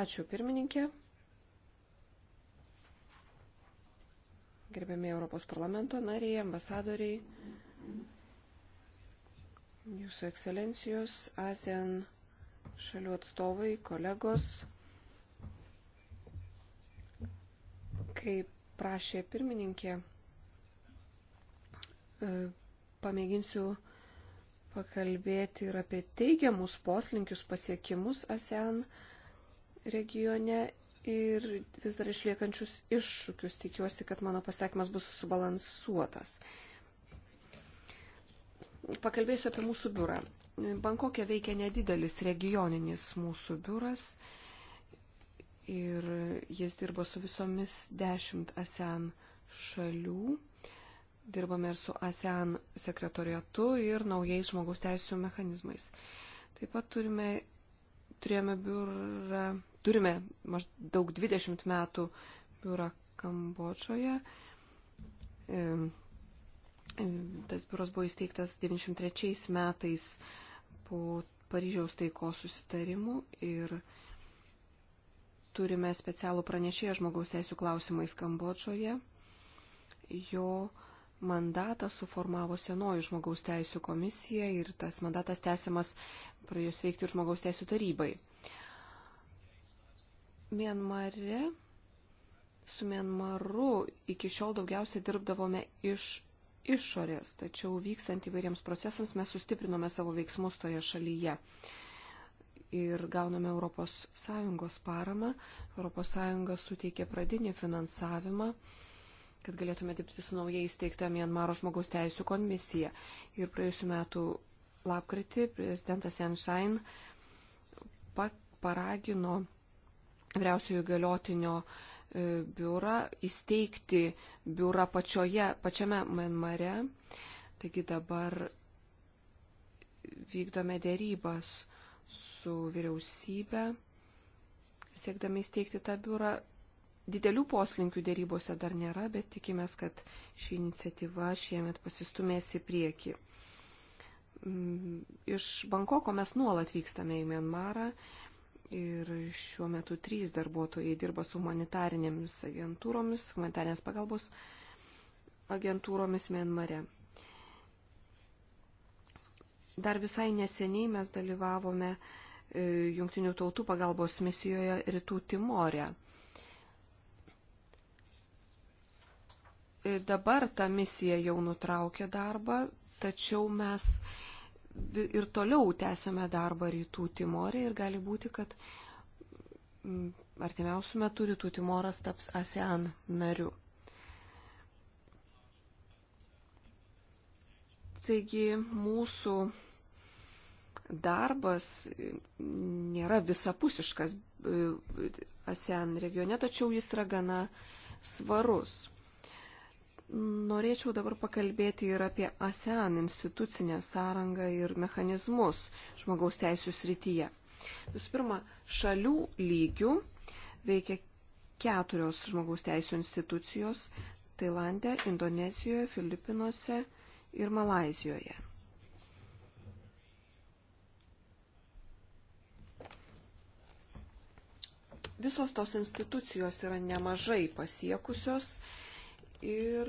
Ačiū pirmininkė. Gerbiami Europos parlamento nariai, ambasadoriai, Jūsų ekscelencijos, ASEAN šalių atstovai, kolegos, Kaip prašė pirmininkė, e, pamėginsiu pakalbėti ir apie teigiamus poslinkius pasiekimus ASEAN regione ir vis dar išliekančius iššūkius. Tikiuosi, kad mano pasakymas bus subalansuotas. Pakalbėsiu apie mūsų biurą. Bankokė veikia nedidelis regioninis mūsų biuras ir jis dirbo su visomis dešimt ASEAN šalių. Dirbame ir su ASEAN sekretoriatu ir naujais žmogaus teisų mechanizmais. Taip pat turime, turėjome biurą, turime maždaug 20 metų biurą Kambodžoje. Tas biuras buvo įsteigtas 93 metais po Paryžiaus taikos susitarimų ir Turime specialų pranešėją žmogaus teisų klausimais Kambodžoje. Jo mandatą suformavo senoji žmogaus teisų komisija ir tas mandatas tęsiamas praėjus veikti ir žmogaus teisų tarybai. Mienmare, su Mienmaru iki šiol daugiausiai dirbdavome iš išorės, tačiau vykstant įvairiems procesams mes sustiprinome savo veiksmus toje šalyje ir gauname ES paramą. ES suteikė pradinį finansavimą kad galėtume dirbti su naujai įsteigta Mienmaro žmogaus teisų komisija. Ir praėjusiu metu lapkritį prezidentas Janšain paragino vyriausiojo galiotinio e, biurą įsteigti biurą pačioje, pačiame Mienmare. Taigi dabar vykdome dėrybas su vyriausybė, siekdami įsteigti tą biurą. Didelių poslinkių dėrybose dar nėra, bet tikimės, kad ši iniciatyva šiemet pasistumės į priekį. Mm, iš Bankoko mes nuolat vykstame į Mianmarą ir šiuo metu trys darbuotojai dirba su humanitarinėmis agentūromis, humanitarinės pagalbos agentūromis Mianmare. Dar visai neseniai mes dalyvavome e, Junktinių tautų pagalbos misijoje Rytų Timorė. E, dabar ta misija jau nutraukė darbą, tačiau mes ir toliau tęsiame darbą rytų Timorė ir gali būti, kad artimiausių metų rytų Timoras taps ASEAN nariu. Taigi mūsų darbas nėra visapusiškas e, ASEAN regione, tačiau jis yra gana svarus. Norėčiau dabar pakalbėti ir apie ASEAN institucinę sąrangą ir mechanizmus žmogaus teisų srityje. Visų pirma, šalių lygių veikia keturios žmogaus teisų institucijos - Tailande, Indonezijoje, Filipinuose ir Malazijoje. visos tos institucijos yra nemažai pasiekusios ir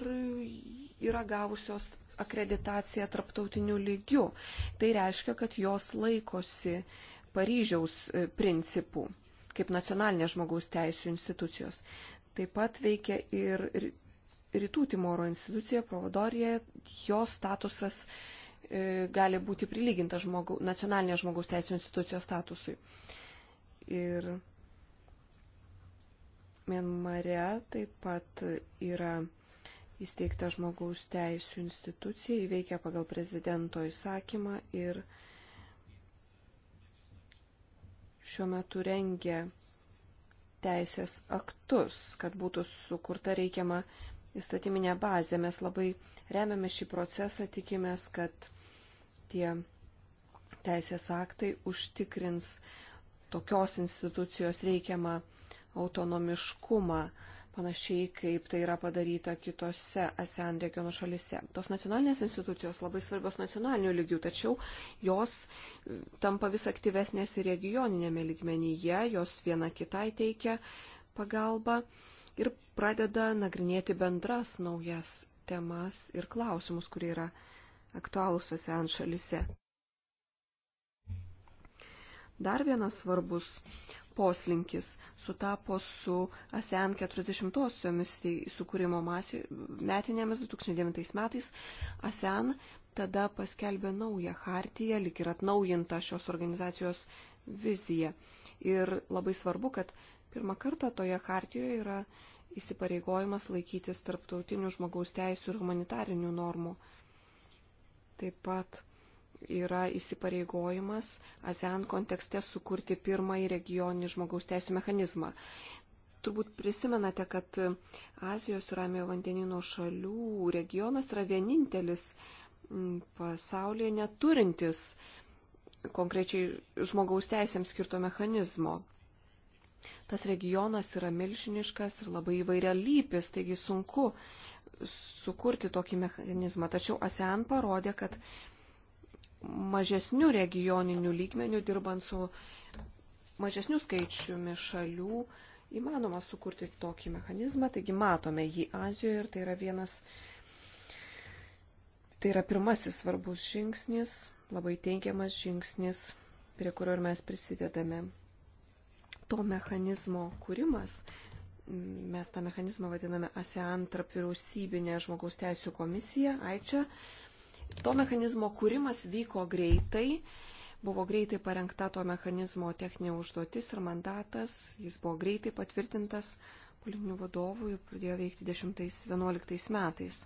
yra gavusios akreditaciją tarptautiniu lygiu. Tai reiškia, kad jos laikosi Paryžiaus e, principų kaip nacionalinės žmogaus teisų institucijos. Taip pat veikia ir Rytų Timoro institucija, Provadorija, jos statusas e, gali būti prilygintas žmogu, nacionalinės žmogaus teisų institucijos statusui. Ir Mienmare taip pat yra įsteigta žmogaus teisų institucija, įveikia pagal prezidento įsakymą ir šiuo metu rengia teisės aktus, kad būtų sukurta reikiama įstatyminė bazė. Mes labai remiame šį procesą, tikimės, kad tie teisės aktai užtikrins tokios institucijos reikiamą autonomiškumą, panašiai kaip tai yra padaryta kitose ASEAN regionų šalise. Tos nacionalinės institucijos labai svarbios nacionalinių lygių, tačiau jos e, tampa vis aktyvesnės ir regioninėme lygmenyje, jos viena kitai teikia pagalbą ir pradeda nagrinėti bendras naujas temas ir klausimus, kurie yra aktualūs ASEAN šalise. Dar vienas svarbus poslinkis sutapo su ASEAN 40-osiomis sukūrimo metinėmis 2009 metais. ASEAN tada paskelbė naują hartiją, lik ir atnaujinta šios organizacijos vizija. Ir labai svarbu, kad pirmą kartą toje hartijoje yra įsipareigojimas laikytis tarptautinių žmogaus teisų ir humanitarinių normų. Taip pat yra įsipareigojimas ASEAN kontekste sukurti pirmąjį regioninį žmogaus teisų mechanizmą. Turbūt prisimenate, kad Azijos ir Ramiojo vandenino šalių regionas yra vienintelis pasaulyje neturintis konkrečiai žmogaus teisėms skirto mechanizmo. Tas regionas yra milžiniškas ir labai įvairia lypis, taigi sunku sukurti tokį mechanizmą. Tačiau ASEAN parodė, kad mažesnių regioninių lygmenių, dirbant su mažesnių skaičiumi šalių, įmanoma sukurti tokį mechanizmą. Taigi matome jį Azijoje ir tai yra vienas, tai yra pirmasis svarbus žingsnis, labai teigiamas žingsnis, prie kurio ir mes prisidedame. To mechanizmo kūrimas, mes tą mechanizmą vadiname ASEAN tarp vyriausybinė žmogaus teisų komisija, AIČA. To mechanizmo kūrimas vyko greitai, buvo greitai parengta to mechanizmo techninė užduotis ir mandatas, jis buvo greitai patvirtintas politinių vadovų ir pradėjo veikti 10-11 metais.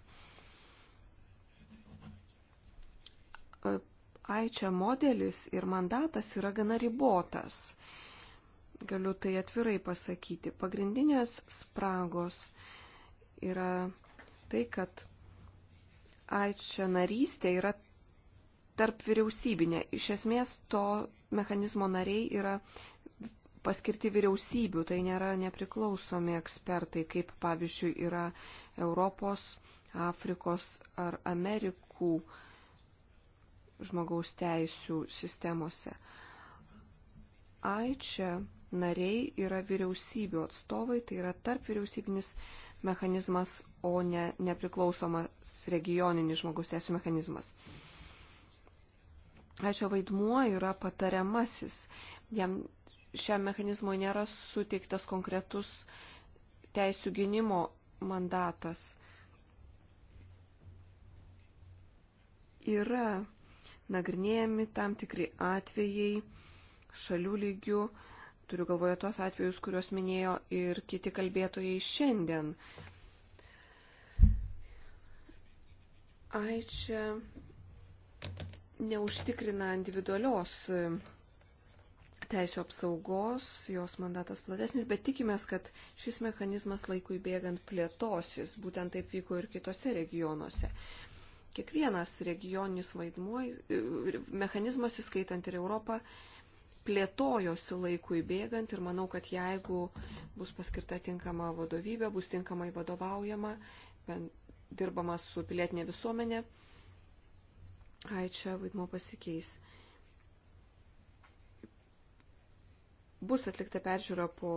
Aičia modelis ir mandatas yra gana ribotas. Galiu tai atvirai pasakyti. Pagrindinės spragos yra tai, kad aičio narystė yra tarp vyriausybinė. Iš esmės to mechanizmo nariai yra paskirti vyriausybių, tai nėra nepriklausomi ekspertai, kaip pavyzdžiui yra Europos, Afrikos ar Amerikų žmogaus teisų sistemose. Aičia nariai yra vyriausybių atstovai, tai yra tarp vyriausybinis uh, mechanizmas, o ne nepriklausomas regioninis žmogus teisų mechanizmas. Ačio vaidmuo yra patariamasis. Jam šiam mechanizmui nėra suteiktas konkretus teisų gynimo mandatas. Yra nagrinėjami tam tikri atvejai šalių lygių, Turiu galvoje tuos atvejus, kuriuos minėjo ir kiti kalbėtojai šiandien. Ai čia neužtikrina individualios e, teisų apsaugos, jos mandatas platesnis, bet tikimės, kad šis mechanizmas laikui bėgant plėtosis. Būtent taip vyko ir kitose regionuose. Kiekvienas regioninis vaidmuo, e, mechanizmas įskaitant ir Europą, plėtojosi laikui bėgant ir manau, kad jeigu bus paskirta tinkama vadovybė, bus tinkamai vadovaujama, dirbama su pilietinė visuomenė, ai čia vaidmo pasikeis. Bus atlikta peržiūra po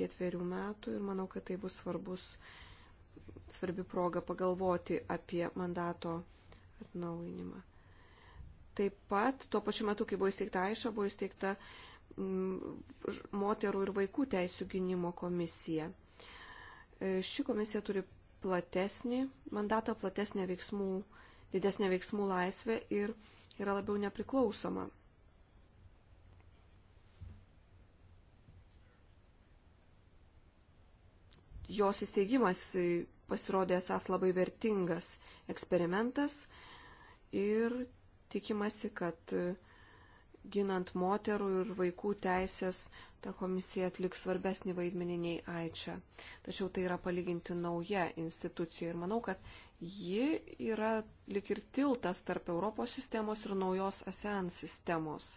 ketverių metų ir manau, kad tai bus svarbus, svarbi proga pagalvoti apie mandato atnaujinimą. Taip pat, tuo pačiu metu, kai buvo įsteigta Aiša, buvo įsteigta mm, moterų ir vaikų teisų gynimo komisija. E, ši komisija turi platesnį mandatą, platesnę veiksmų, didesnę veiksmų laisvę ir yra labiau nepriklausoma. Jos įsteigimas pasirodė esas labai vertingas eksperimentas ir tikimasi, kad e, ginant moterų ir vaikų teisės, ta komisija atliks svarbesnį vaidmenį nei Aičia. Tačiau tai yra palyginti nauja institucija ir manau, kad ji yra lik ir tiltas tarp Europos sistemos ir naujos ASEAN sistemos.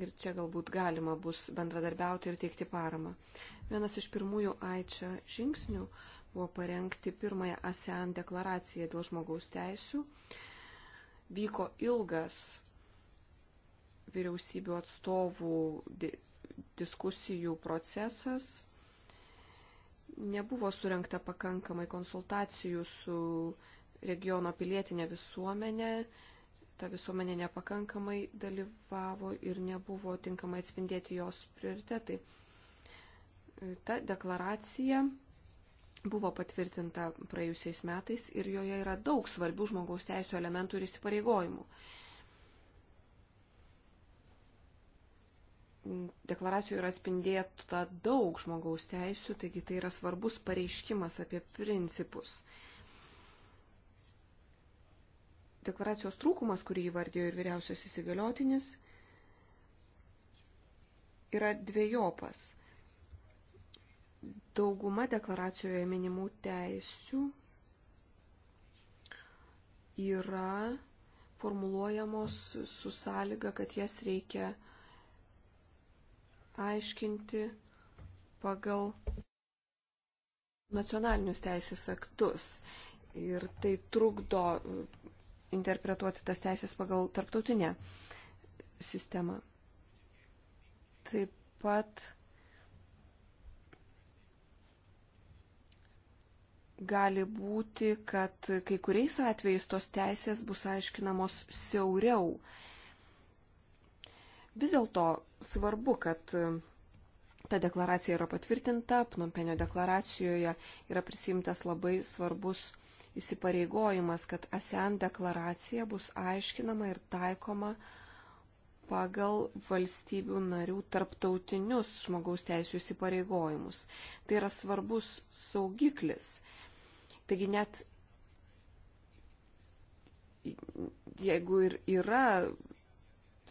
Ir čia galbūt galima bus bendradarbiauti ir teikti paramą. Vienas iš pirmųjų Aičia žingsnių buvo parengti pirmąją ASEAN deklaraciją dėl žmogaus teisų. Uh, vyko ilgas vyriausybių atstovų diskusijų procesas. Nebuvo surinkta pakankamai konsultacijų su regiono pilietinė visuomenė, ta visuomenė nepakankamai dalyvavo ir nebuvo tinkamai atspindėti jos prioritetai. Ta deklaracija buvo patvirtinta praėjusiais metais ir joje yra daug svarbių žmogaus teisų elementų ir įsipareigojimų. Deklaracijoje yra atspindėta daug žmogaus teisų, taigi tai yra svarbus pareiškimas apie principus. Deklaracijos trūkumas, kurį įvardėjo ir vyriausias įsigaliotinis, yra dviejopas Dauguma deklaracijoje minimų teisių yra formuluojamos su sąlyga, kad jas reikia aiškinti pagal nacionalinius teisės aktus. Ir tai trukdo interpretuoti tas teisės pagal tarptautinę sistemą. Taip pat gali būti, kad kai kuriais atvejais tos teisės bus aiškinamos siauriau. Vis dėlto svarbu, kad ta deklaracija yra patvirtinta, Pnompenio deklaracijoje yra prisimtas labai svarbus įsipareigojimas, kad ASEAN deklaracija bus aiškinama ir taikoma pagal valstybių narių tarptautinius žmogaus teisų įsipareigojimus. Tai yra svarbus saugiklis Taigi net jeigu ir yra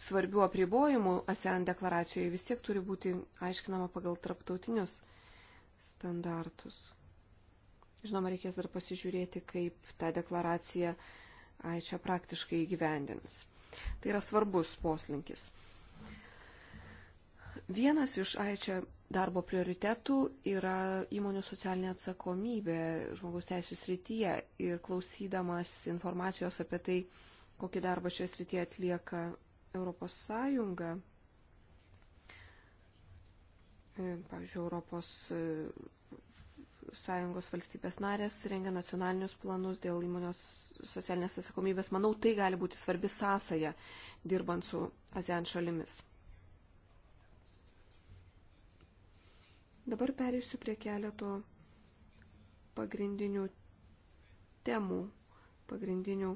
svarbių apribojimų ASEAN deklaracijoje, vis tiek turi būti aiškinama pagal traptautinius standartus. Žinoma, reikės dar pasižiūrėti, kaip tą deklaraciją ai, čia praktiškai įgyvendins. Tai yra svarbus poslinkis. Vienas iš ai, čia darbo prioritetų yra įmonių socialinė atsakomybė žmogaus teisų srityje ir klausydamas informacijos apie tai, kokį darbą šioje srityje atlieka Europos Sąjunga, e, pavyzdžiui, Europos e, Sąjungos valstybės narės rengia nacionalinius planus dėl įmonės socialinės atsakomybės. Manau, tai gali būti svarbi sąsaja dirbant su ASEAN šalimis. Dabar perėsiu prie keleto pagrindinių temų, pagrindinių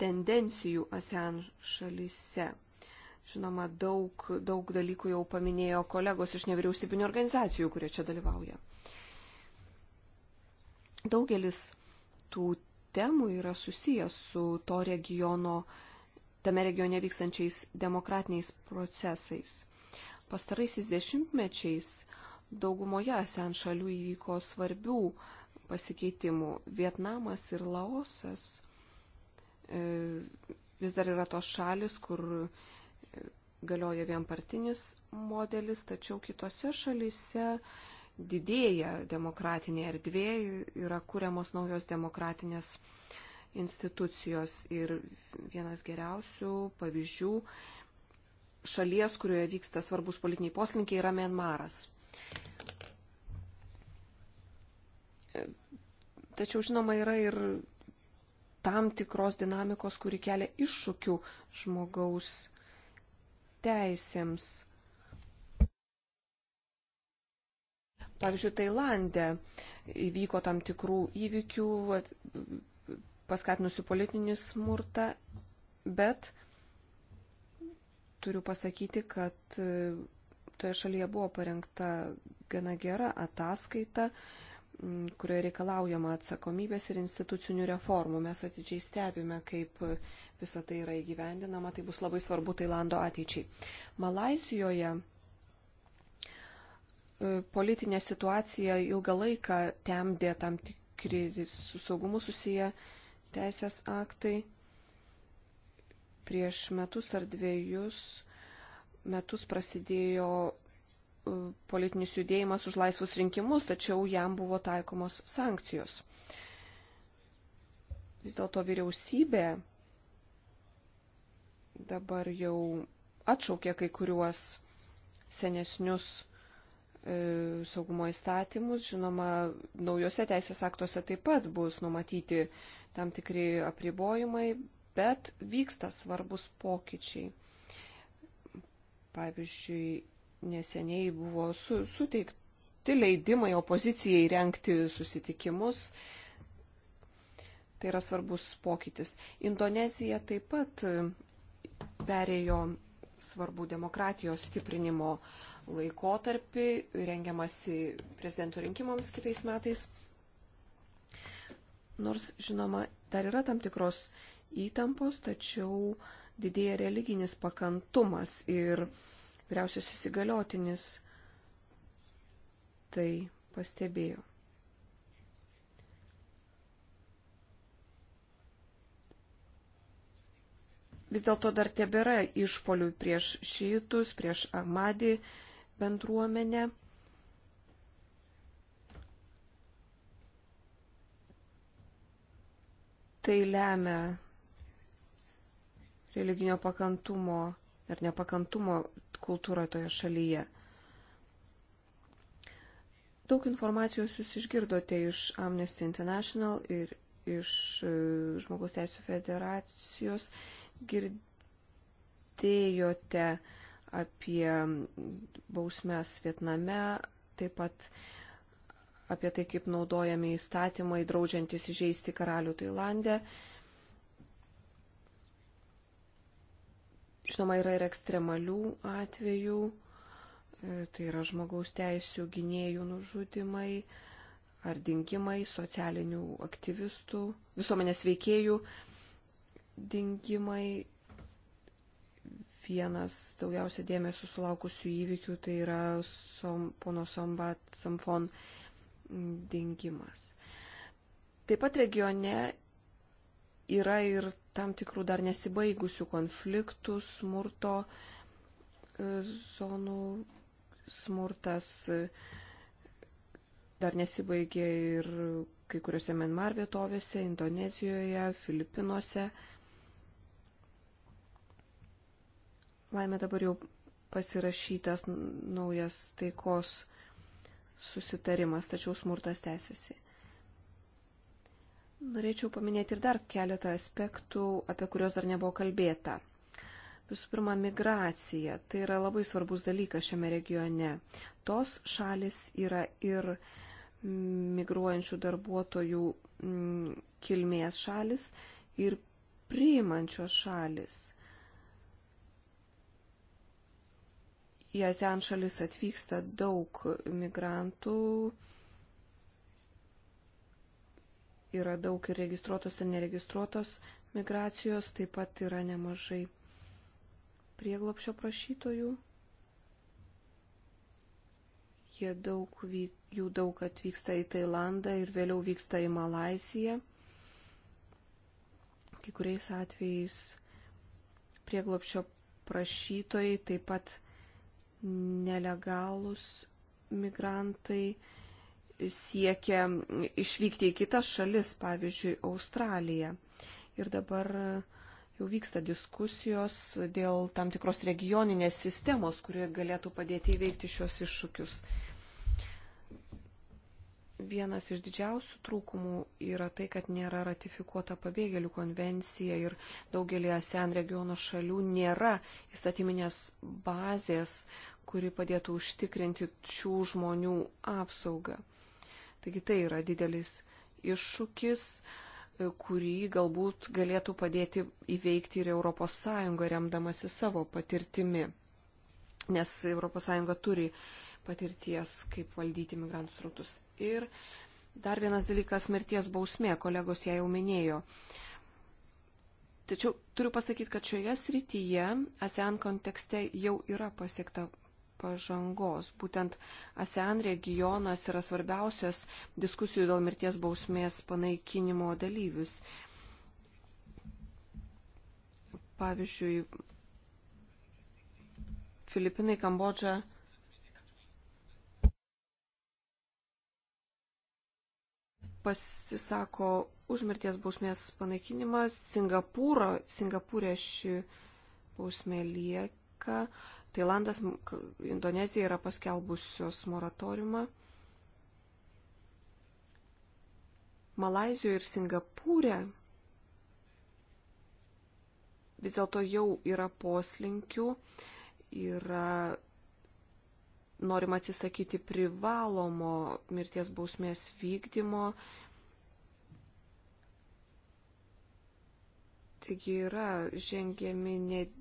tendencijų ASEAN šalyse. Žinoma, daug, daug dalykų jau paminėjo kolegos iš nevyriausybinio organizacijų, kurie čia dalyvauja. Daugelis tų temų yra susijęs su to regiono, tame regione vykstančiais demokratiniais procesais. Pastaraisiais dešimtmečiais daugumoje sen šalių įvyko svarbių pasikeitimų. Vietnamas ir Laosas e, vis dar yra tos šalis, kur e, galioja vienpartinis modelis, tačiau kitose šalyse didėja demokratinė erdvė, yra kuriamos naujos demokratinės institucijos ir vienas geriausių pavyzdžių šalies, kurioje vyksta svarbus politiniai poslinkiai, yra Mienmaras. Tačiau, žinoma, yra ir tam tikros dinamikos, kuri kelia iššūkių žmogaus teisėms. Pavyzdžiui, Tailandė įvyko tam tikrų įvykių, paskatinusių politinį smurtą, bet turiu pasakyti, kad toje šalyje buvo parengta gana gera ataskaita, kurioje reikalaujama atsakomybės ir institucinių reformų. Mes atidžiai stebime, kaip visa tai yra įgyvendinama. Tai bus labai svarbu Tailando ateičiai. Malaisijoje e, politinė situacija ilgą laiką temdė tam tikri su saugumu susiję teisės aktai. Prieš metus ar dviejus metus prasidėjo e, politinis judėjimas už laisvus rinkimus, tačiau jam buvo taikomos sankcijos. Vis dėlto vyriausybė dabar jau atšaukė kai kuriuos senesnius e, saugumo įstatymus. Žinoma, naujose teisės aktuose taip pat bus numatyti tam tikri apribojimai, bet vyksta svarbus pokyčiai. Pavyzdžiui, neseniai buvo su, suteikti leidimai opozicijai renkti susitikimus. Tai yra svarbus pokytis. Indonezija taip pat perėjo svarbu demokratijos stiprinimo laikotarpį, rengiamasi prezidento rinkimams kitais metais. Nors, žinoma, dar yra tam tikros įtampos, tačiau didėja religinis pakantumas ir uh, vyriausiasis įgaliotinis tai pastebėjo. Vis dėlto dar tebėra išpolių prieš šytus, prieš Ahmadį bendruomenę. Tai lemia religinio pakantumo ir nepakantumo kultūrą toje šalyje. Daug informacijos jūs išgirdote iš Amnesty International ir iš e, Žmogaus Teisų federacijos. Girdėjote apie bausmes Vietname, taip pat apie tai, kaip naudojami įstatymai draudžiantis įžeisti karalių Tailandė. E, Žinoma, yra ir ekstremalių atvejų, e, tai yra žmogaus teisų gynėjų nužudimai ar dingimai, socialinių aktyvistų, visuomenės veikėjų dingimai. Vienas daugiausia dėmesio sulaukusių įvykių tai yra som, pono Sombat Samfon dingimas. Taip pat regione yra ir tam tikrų dar nesibaigusių konfliktų, smurto e, zonų, smurtas e, dar nesibaigė ir kai kuriuose Menmar vietovėse, Indonezijoje, Filipinuose. Laimė dabar jau pasirašytas naujas taikos susitarimas, tačiau smurtas tęsiasi. Norėčiau paminėti ir dar keletą aspektų, apie kuriuos dar nebuvo kalbėta. Visų pirma, migracija. Tai yra labai svarbus dalykas šiame regione. Tos šalis yra ir migruojančių darbuotojų mm, kilmės šalis ir priimančios šalis. Į ASEAN šalis atvyksta daug migrantų, yra daug ir registruotos ir neregistruotos migracijos, taip pat yra nemažai prieglopšio prašytojų. Jie daug, jų daug atvyksta į Tailandą ir vėliau vyksta į Malaisiją. Kai kuriais atvejais prieglopšio prašytojai taip pat nelegalus migrantai siekia išvykti į kitas šalis, pavyzdžiui, Australiją. Ir dabar jau vyksta diskusijos dėl tam tikros regioninės sistemos, kuri galėtų padėti įveikti šios iššūkius. Vienas iš didžiausių trūkumų yra tai, kad nėra ratifikuota pabėgėlių konvencija ir daugelį ASEAN regiono šalių nėra įstatyminės bazės, kuri padėtų užtikrinti šių žmonių apsaugą. Taigi tai yra didelis iššūkis, e, kurį galbūt galėtų padėti įveikti ir ES remdamasi savo patirtimi. Nes ES turi patirties, kaip valdyti migrantų srautus. Ir dar vienas dalykas - mirties bausmė, kolegos ją jau minėjo. Tačiau turiu pasakyti, kad šioje srityje ASEAN kontekste jau yra pasiekta pažangos. Būtent ASEAN regionas yra svarbiausias diskusijų dėl mirties bausmės panaikinimo dalyvis. Pavyzdžiui, Filipinai, Kambodža. pasisako už mirties bausmės panaikinimą. Singapūro, Singapūrė ši bausmė lieka. Uh, Tailandas, Indonezija yra paskelbusios moratoriumą. Malazijoje ir Singapūrė vis dėlto jau yra poslinkių, yra norima atsisakyti privalomo mirties bausmės vykdymo. Taigi yra žengiami net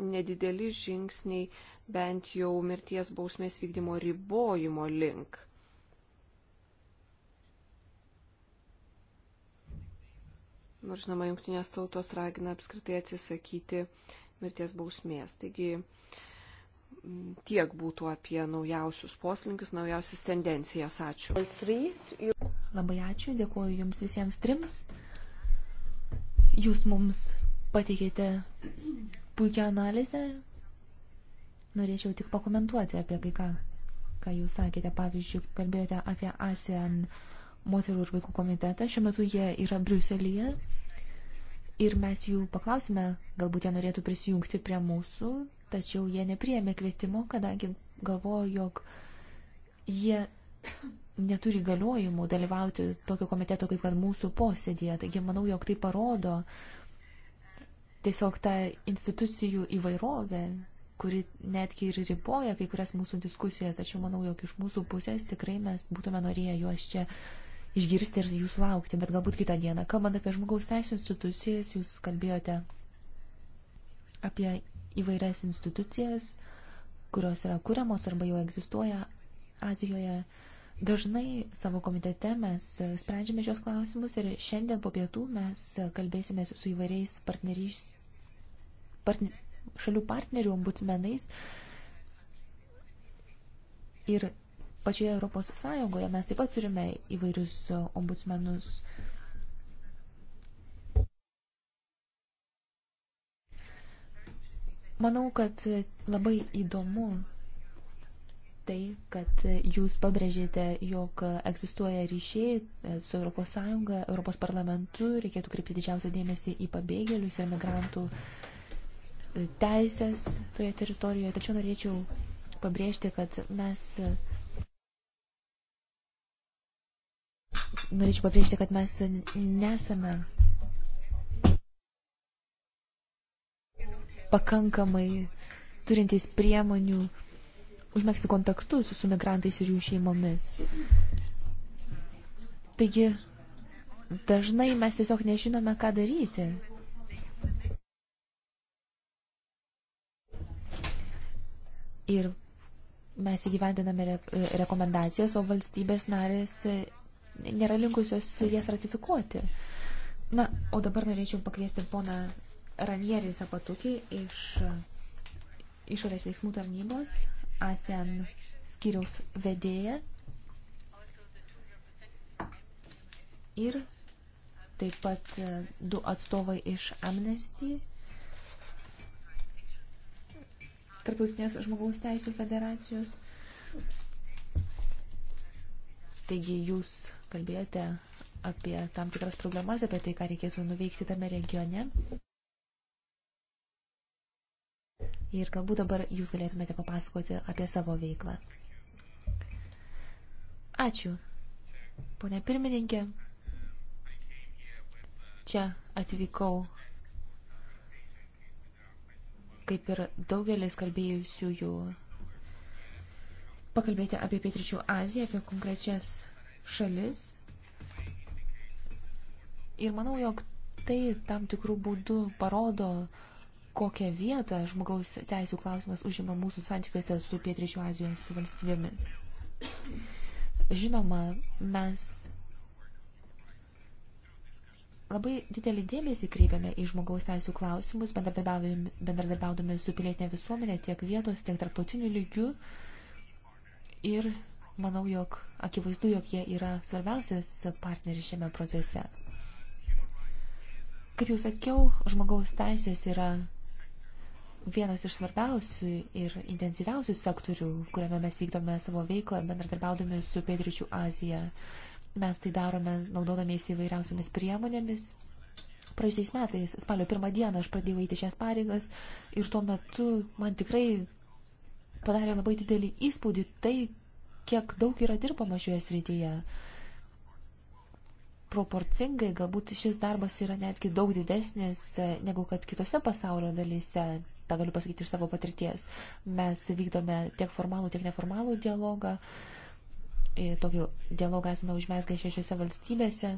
nedideli žingsniai bent jau mirties bausmės vykdymo ribojimo link. Nors, žinoma, jungtinės tautos ragina apskritai atsisakyti mirties bausmės. Taigi tiek būtų apie naujausius poslinkius, naujausias tendencijas. Ačiū. Labai ačiū, dėkuoju Jums visiems trims. Jūs mums pateikėte puikia analizė. Norėčiau tik pakomentuoti apie kai ką, ką jūs sakėte. Pavyzdžiui, kalbėjote apie ASEAN moterų ir vaikų komitetą. Šiuo metu jie yra Briuselyje. Ir mes jų paklausime, galbūt jie norėtų prisijungti prie mūsų, tačiau jie nepriėmė kvietimo, kadangi galvojo, jog jie neturi galiojimų dalyvauti tokio komiteto kaip kad mūsų posėdėje. Taigi manau, jog tai parodo, uh, tiesiog ta institucijų įvairovė, kuri netgi ir riboja kai kurias mūsų diskusijas, tačiau manau, jog iš mūsų pusės tikrai mes būtume norėję juos čia išgirsti ir jūs laukti, bet galbūt kitą dieną. Kalbant apie žmogaus teisų institucijas, jūs kalbėjote apie įvairias institucijas, kurios yra kuriamos arba jau egzistuoja Azijoje. Dažnai savo komitete mes e, sprendžiame šios klausimus ir šiandien po pietų mes e, kalbėsime su įvairiais partneriais, partner, šalių partnerių ombudsmenais. Ir pačioje Europos Sąjungoje mes taip pat turime įvairius e, ombudsmenus. Manau, kad labai įdomu tai, kad jūs pabrėžėte, jog egzistuoja ryšiai e, su ES, ES parlamentu, reikėtų kreipti didžiausią dėmesį į pabėgėlius ir migrantų e, teisės toje teritorijoje. Tačiau norėčiau pabrėžti, kad mes. E, norėčiau pabrėžti, kad mes nesame pakankamai turintys priemonių užmėgsti kontaktus su migrantais ir jų šeimomis. Taigi, dažnai mes tiesiog nežinome, ką daryti. Ir mes įgyvendiname re rekomendacijas, o valstybės narės e, nėra linkusios jas ratifikuoti. Na, o dabar norėčiau pakviesti poną Ranierį Zapatukį iš e, išorės veiksmų tarnybos. ASEAN skiriaus vedėja ir taip pat e, du atstovai iš Amnesty, Tarptautinės žmogaus teisų federacijos. Taigi jūs kalbėjote apie tam tikras problemas, apie tai, ką reikėtų nuveikti tame regione ir galbūt dabar jūs galėtumėte papasakoti apie savo veiklą. Ačiū. Pone pirmininkė, čia atvykau kaip ir daugelis kalbėjusiųjų pakalbėti apie Pietričių Aziją, apie konkrečias šalis. Ir manau, jog tai tam tikrų būdų parodo, kokią vietą žmogaus teisų klausimas užima mūsų santykiuose su Pietričio Azijos valstybėmis. Žinoma, mes labai didelį dėmesį kreipiame į žmogaus teisų klausimus, bendradarbiaudami su pilietinė visuomenė tiek vietos, tiek tarptautiniu lygiu. Ir manau, jog akivaizdu, jog jie yra svarbiausias partneris šiame procese kaip jau sakiau, žmogaus teisės yra vienas iš svarbiausių ir intensyviausių sektorių, kuriame mes vykdome savo veiklą, bendradarbiaudami su Pietričių Azija. Mes tai darome naudodamiais įvairiausiamis priemonėmis. Praėjusiais metais, spalio pirmą dieną, aš pradėjau eiti šias pareigas ir tuo metu man tikrai padarė labai didelį įspūdį tai, kiek daug yra dirbama šioje srityje proporcingai galbūt šis darbas yra netgi daug didesnis e, negu kad kitose pasaulio dalyse tą galiu pasakyti iš savo patirties. Mes vykdome tiek formalų, tiek neformalų dialogą. Tokį dialogą esame užmesgę šešiose valstybėse.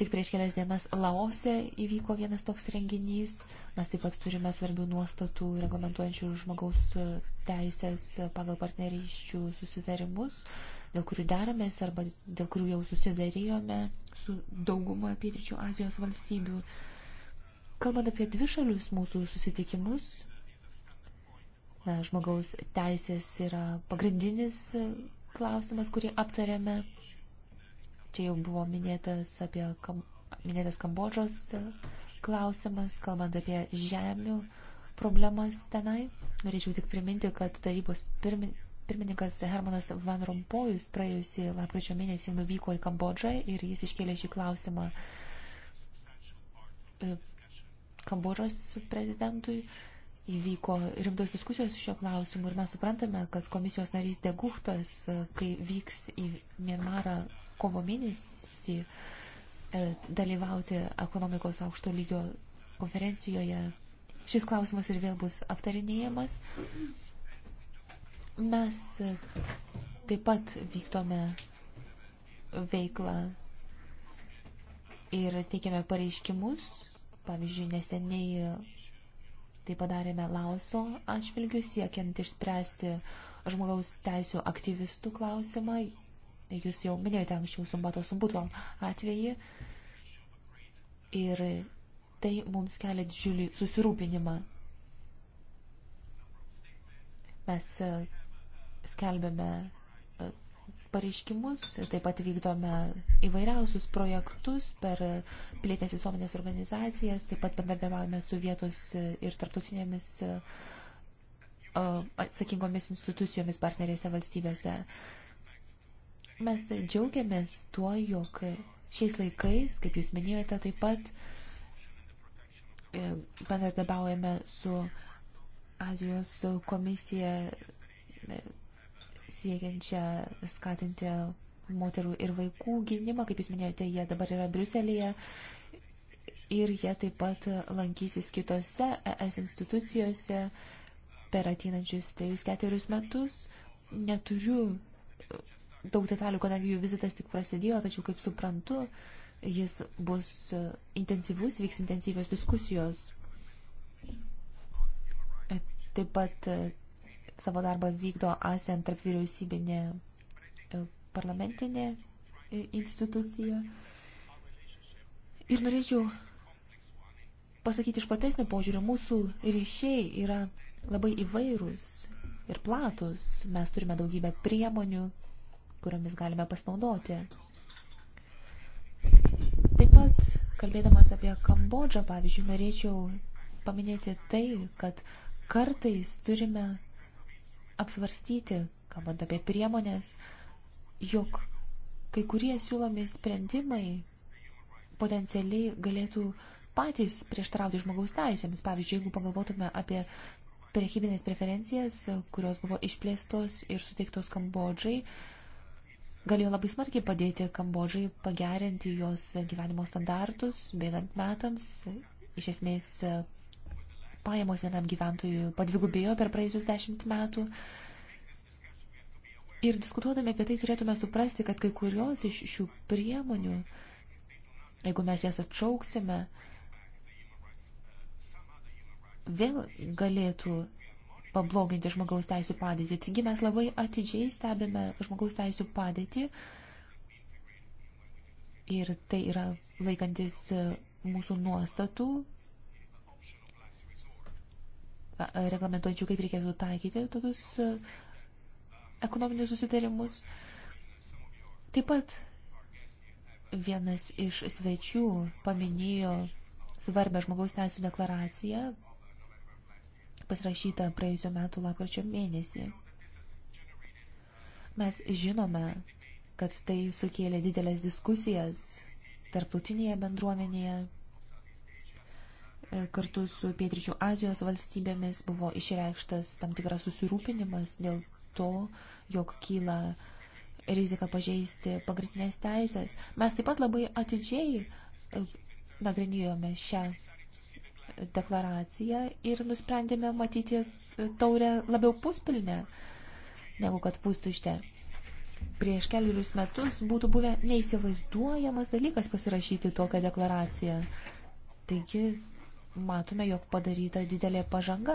Tik prieš kelias dienas Laose įvyko vienas toks renginys. Mes taip pat turime svarbių nuostatų reglamentuojančių žmogaus teisės pagal partnerysčių susitarimus, dėl kurių deramės arba dėl kurių jau susidarėjome su dauguma Pietričių Azijos valstybių. Kalbant apie dvišalius mūsų susitikimus, e, žmogaus teisės yra pagrindinis e, klausimas, kurį aptarėme. Čia jau buvo minėtas apie kam, minėtas Kambodžos e, klausimas, kalbant apie žemių problemas tenai. Norėčiau tik priminti, kad tarybos pirmin, pirmininkas Hermanas Van Rompojus praėjusį lapkričio mėnesį nuvyko į Kambodžą ir jis iškėlė šį klausimą Kambožos prezidentui. Įvyko rimtos diskusijos šio klausimu ir mes suprantame, kad komisijos narys Deguhtas, e, kai vyks į Mienmarą kovo mėnesį e, dalyvauti ekonomikos aukšto lygio konferencijoje, šis klausimas ir vėl bus aptarinėjamas. Mes e, taip pat vykdome veiklą ir teikiame pareiškimus Pavyzdžiui, neseniai tai padarėme Laoso atšvilgių, siekiant išspręsti žmogaus teisų aktyvistų klausimą. Jūs jau minėjote anksčiau Sumbato Sumbuto atvejį. Ir tai mums kelia didžiulį susirūpinimą. Mes skelbėme pareiškimus, taip pat vykdome įvairiausius projektus per plėtės visuomenės organizacijas, taip pat bendradarbiavame su vietos ir tarptautinėmis atsakingomis institucijomis partnerėse valstybėse. Mes džiaugiamės tuo, jog šiais laikais, kaip jūs minėjote, taip pat e, bendradarbiaujame su Azijos komisija siekiančią skatinti moterų ir vaikų gynimą. Kaip jūs minėjote, jie dabar yra Briuselėje ir jie taip pat lankysis kitose ES institucijose per ateinančius 3-4 metus. Neturiu daug detalių, kadangi jų vizitas tik prasidėjo, tačiau kaip suprantu, jis bus intensyvus, vyks intensyvios diskusijos. Taip pat Savo darbą vykdo ASEAN tarp vyriausybinė e, parlamentinė e, institucija. Ir norėčiau pasakyti iš platesnio požiūrio, mūsų ryšiai yra labai įvairūs ir platus. Mes turime daugybę priemonių, kuriomis galime pasinaudoti. Taip pat, kalbėdamas apie Kambodžą, pavyzdžiui, norėčiau paminėti tai, kad kartais turime apsvarstyti, kalbant apie priemonės, jog kai kurie siūlomi sprendimai potencialiai galėtų patys prieštarauti žmogaus teisėms. Pavyzdžiui, jeigu pagalvotume apie priekybinės preferencijas, kurios buvo išplėstos ir suteiktos Kambodžai, galėjo labai smarkiai padėti Kambodžai pagerinti jos gyvenimo standartus, bėgant metams, iš esmės pajamos vienam gyventojui padvigubėjo per praėjusius dešimt metų. Ir diskutuodami apie tai turėtume suprasti, kad kai kurios iš šių priemonių, jeigu mes jas atšauksime, vėl galėtų pabloginti žmogaus teisų padėtį. Taigi mes labai atidžiai stebime žmogaus teisų padėtį ir tai yra laikantis mūsų nuostatų reglamentuojančių, kaip reikėtų taikyti tokius ekonominius susitarimus. Taip pat vienas iš svečių paminėjo svarbę žmogaus teisų deklaraciją, pasirašytą praėjusio metų lapkričio mėnesį. Mes žinome, kad tai sukėlė didelės diskusijas tarptautinėje bendruomenėje, E, kartu su Pietričių Azijos valstybėmis buvo išreikštas tam tikras susirūpinimas dėl to, jog kyla rizika pažeisti pagrindinės teisės. Mes taip pat labai atidžiai e, nagrinėjome šią deklaraciją ir nusprendėme matyti e, taurę labiau puspilnę negu kad pustuštę. Prieš keliarius metus būtų buvę neįsivaizduojamas dalykas pasirašyti tokią deklaraciją. Taigi matome, jog padaryta didelė pažanga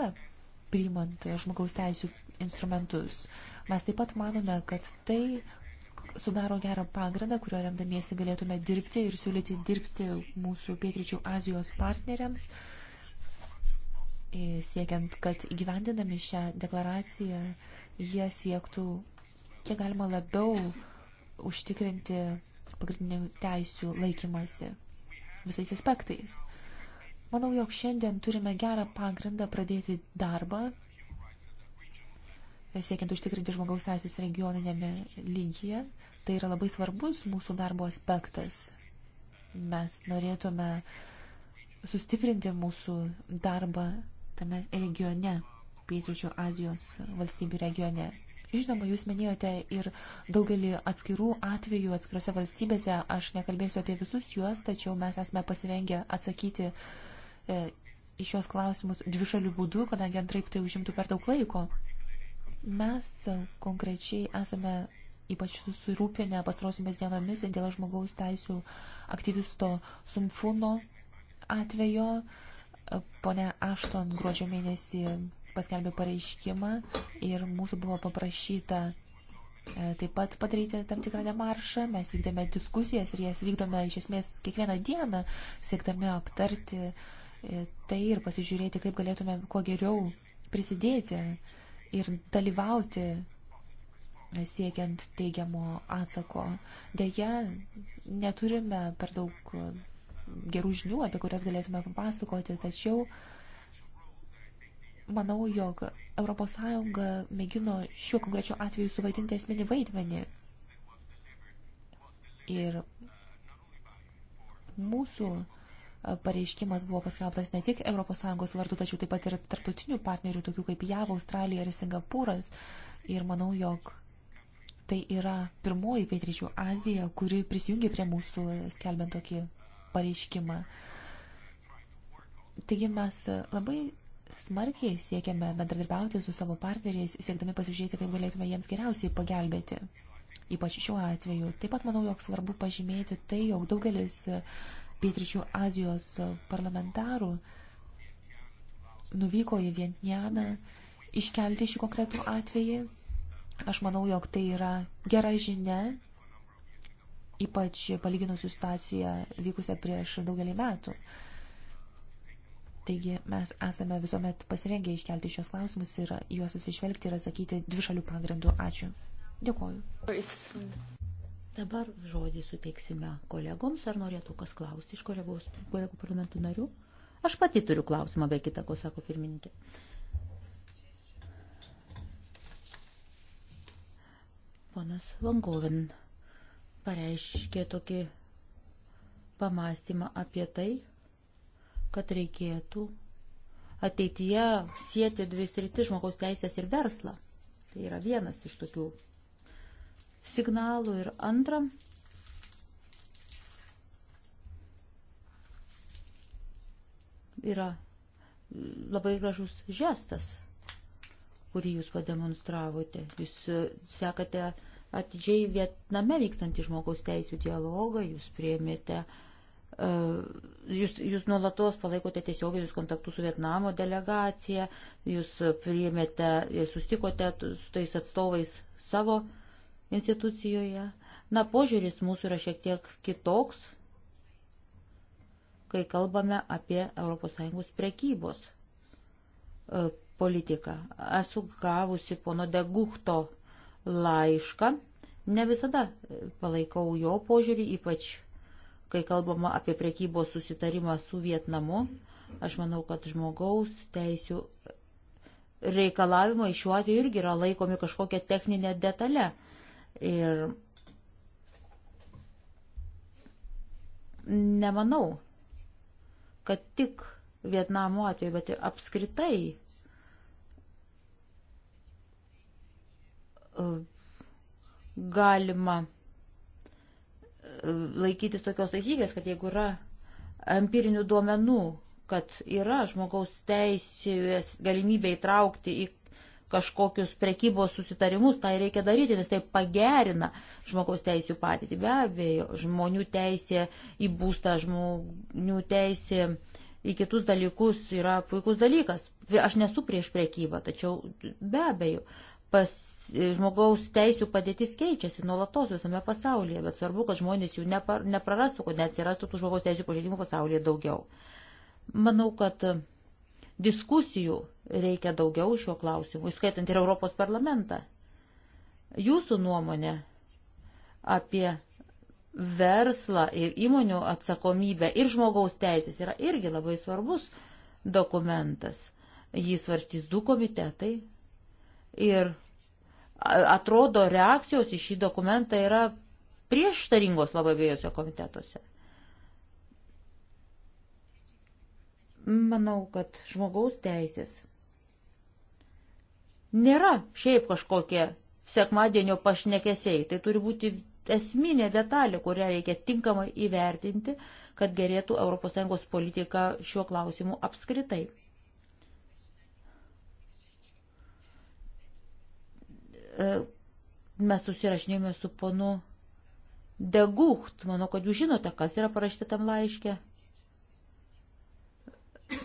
priimant e, žmogaus teisų instrumentus. Mes taip pat manome, kad tai sudaro gerą pagrindą, kurio remdamiesi galėtume dirbti ir siūlyti dirbti mūsų pietryčių Azijos partneriams, e, siekiant, kad įgyvendinami šią deklaraciją jie siektų kiek galima labiau užtikrinti pagrindinių teisių laikymasi visais aspektais. Manau, jog šiandien turime gerą pagrindą pradėti darbą, siekiant užtikrinti žmogaus teisės regioninėme lygyje. Tai yra labai svarbus mūsų darbo aspektas. Mes norėtume sustiprinti mūsų darbą tame regione, Pietryčio Azijos valstybių regione. Žinoma, jūs minėjote ir daugelį atskirų atvejų atskirose valstybėse. Aš nekalbėsiu apie visus juos, tačiau mes esame pasirengę atsakyti uh, E, į šios klausimus dvišalių būdų, kadangi antraip tai užimtų per daug laiko. Mes konkrečiai esame ypač susirūpinę pastrosiamis dienomis dėl žmogaus teisų aktyvisto Sumfuno atvejo. Pone Ašton gruodžio mėnesį paskelbė pareiškimą ir mūsų buvo paprašyta e, taip pat padaryti tam tikrą demaršą. Mes vykdėme diskusijas ir jas vykdome iš esmės kiekvieną dieną, siekdami aptarti uh, E, tai ir pasižiūrėti, kaip galėtume kuo geriau prisidėti ir dalyvauti e, siekiant teigiamo atsako. Deja, neturime per daug e, gerų žinių, apie kurias galėtume papasakoti, tačiau manau, jog ES mėgino šiuo konkrečiu atveju suvaidinti esminį vaidmenį. Ir mūsų pareiškimas buvo paskelbtas ne tik ES vardu, tačiau taip pat ir tarptautinių partnerių, tokių kaip JAV, Australija ir Singapūras. Ir manau, jog tai yra pirmoji Pietryčių Azija, kuri prisijungė prie mūsų skelbiant tokį pareiškimą. Taigi mes labai smarkiai siekiame bendradarbiauti su savo partneriais, siekdami pasižiūrėti, kaip galėtume jiems geriausiai pagelbėti. Ypač šiuo atveju. Taip pat manau, jog svarbu pažymėti tai, jog daugelis pietričių Azijos parlamentarų nuvyko į Vietnamą iškelti šį konkretų atvejį. Aš manau, jog tai yra gera žinia, ypač palyginus su situacija vykusią prieš daugelį metų. Taigi mes esame visuomet pasirengę iškelti šios klausimus ir juos atsižvelgti ir atsakyti dvišalių pagrindų. Ačiū. Dėkuoju. Dabar žodį suteiksime kolegoms. Ar norėtų kas klausti iš kolegos, kolegų parlamentų narių? Aš pati turiu klausimą, be kita ko sako pirmininkė. Ponas Vangoven pareiškė tokį pamastymą apie tai, kad reikėtų ateityje sieti dvi sritis žmogaus teisės ir verslą. Tai yra vienas iš tokių signalų ir antra. Yra labai gražus žestas, kurį jūs pademonstravote. Jūs e, sekate atidžiai Vietname vykstantį žmogaus teisų dialogą, jūs priemėte, e, jūs, jūs nuolatos palaikote tiesioginius kontaktus su Vietnamo delegacija, jūs priemėte ir sustikote su tais atstovais savo uh, institucijoje. Na, požiūris mūsų yra šiek tiek kitoks, kai kalbame apie ES prekybos e, politiką. Esu gavusi pono Degukto laišką. Ne visada e, palaikau jo požiūrį, ypač kai kalbama apie prekybos susitarimą su Vietnamu. Aš manau, kad žmogaus teisių reikalavimai šiuo atveju irgi yra laikomi kažkokia techninė detalė. Ir nemanau, kad tik Vietnamo atveju, bet ir apskritai galima laikytis tokios taisyklės, kad jeigu yra empirinių duomenų, kad yra žmogaus teisės galimybė įtraukti į kažkokius prekybos susitarimus, tai reikia daryti, nes tai pagerina žmogaus teisų patirtį. Be abejo, žmonių teisė į būstą, žmonių teisė į kitus dalykus yra puikus dalykas. Aš nesu prieš prekybą, tačiau be abejo, pas, žmogaus teisų padėtis keičiasi nuolatos visame pasaulyje, bet svarbu, kad žmonės jų nepar, neprarastų, kad neatsirastų tų žmogaus teisų pažeidimų pasaulyje daugiau. Manau, kad diskusijų reikia daugiau šiuo klausimu, įskaitant ir Europos parlamentą. Jūsų nuomonė apie verslą ir įmonių atsakomybę ir žmogaus teisės yra irgi labai svarbus dokumentas. Jį svarstys du komitetai ir atrodo reakcijos į šį dokumentą yra prieštaringos labai abiejose komitetuose. Manau, kad žmogaus teisės nėra šiaip kažkokie sekmadienio pašnekesiai. Tai turi būti esminė detalė, kurią reikia tinkamai įvertinti, kad gerėtų ES politika šiuo klausimu apskritai. E, mes susirašinėjome su ponu Degucht, manau, kad jūs žinote, kas yra parašyta tam laiške.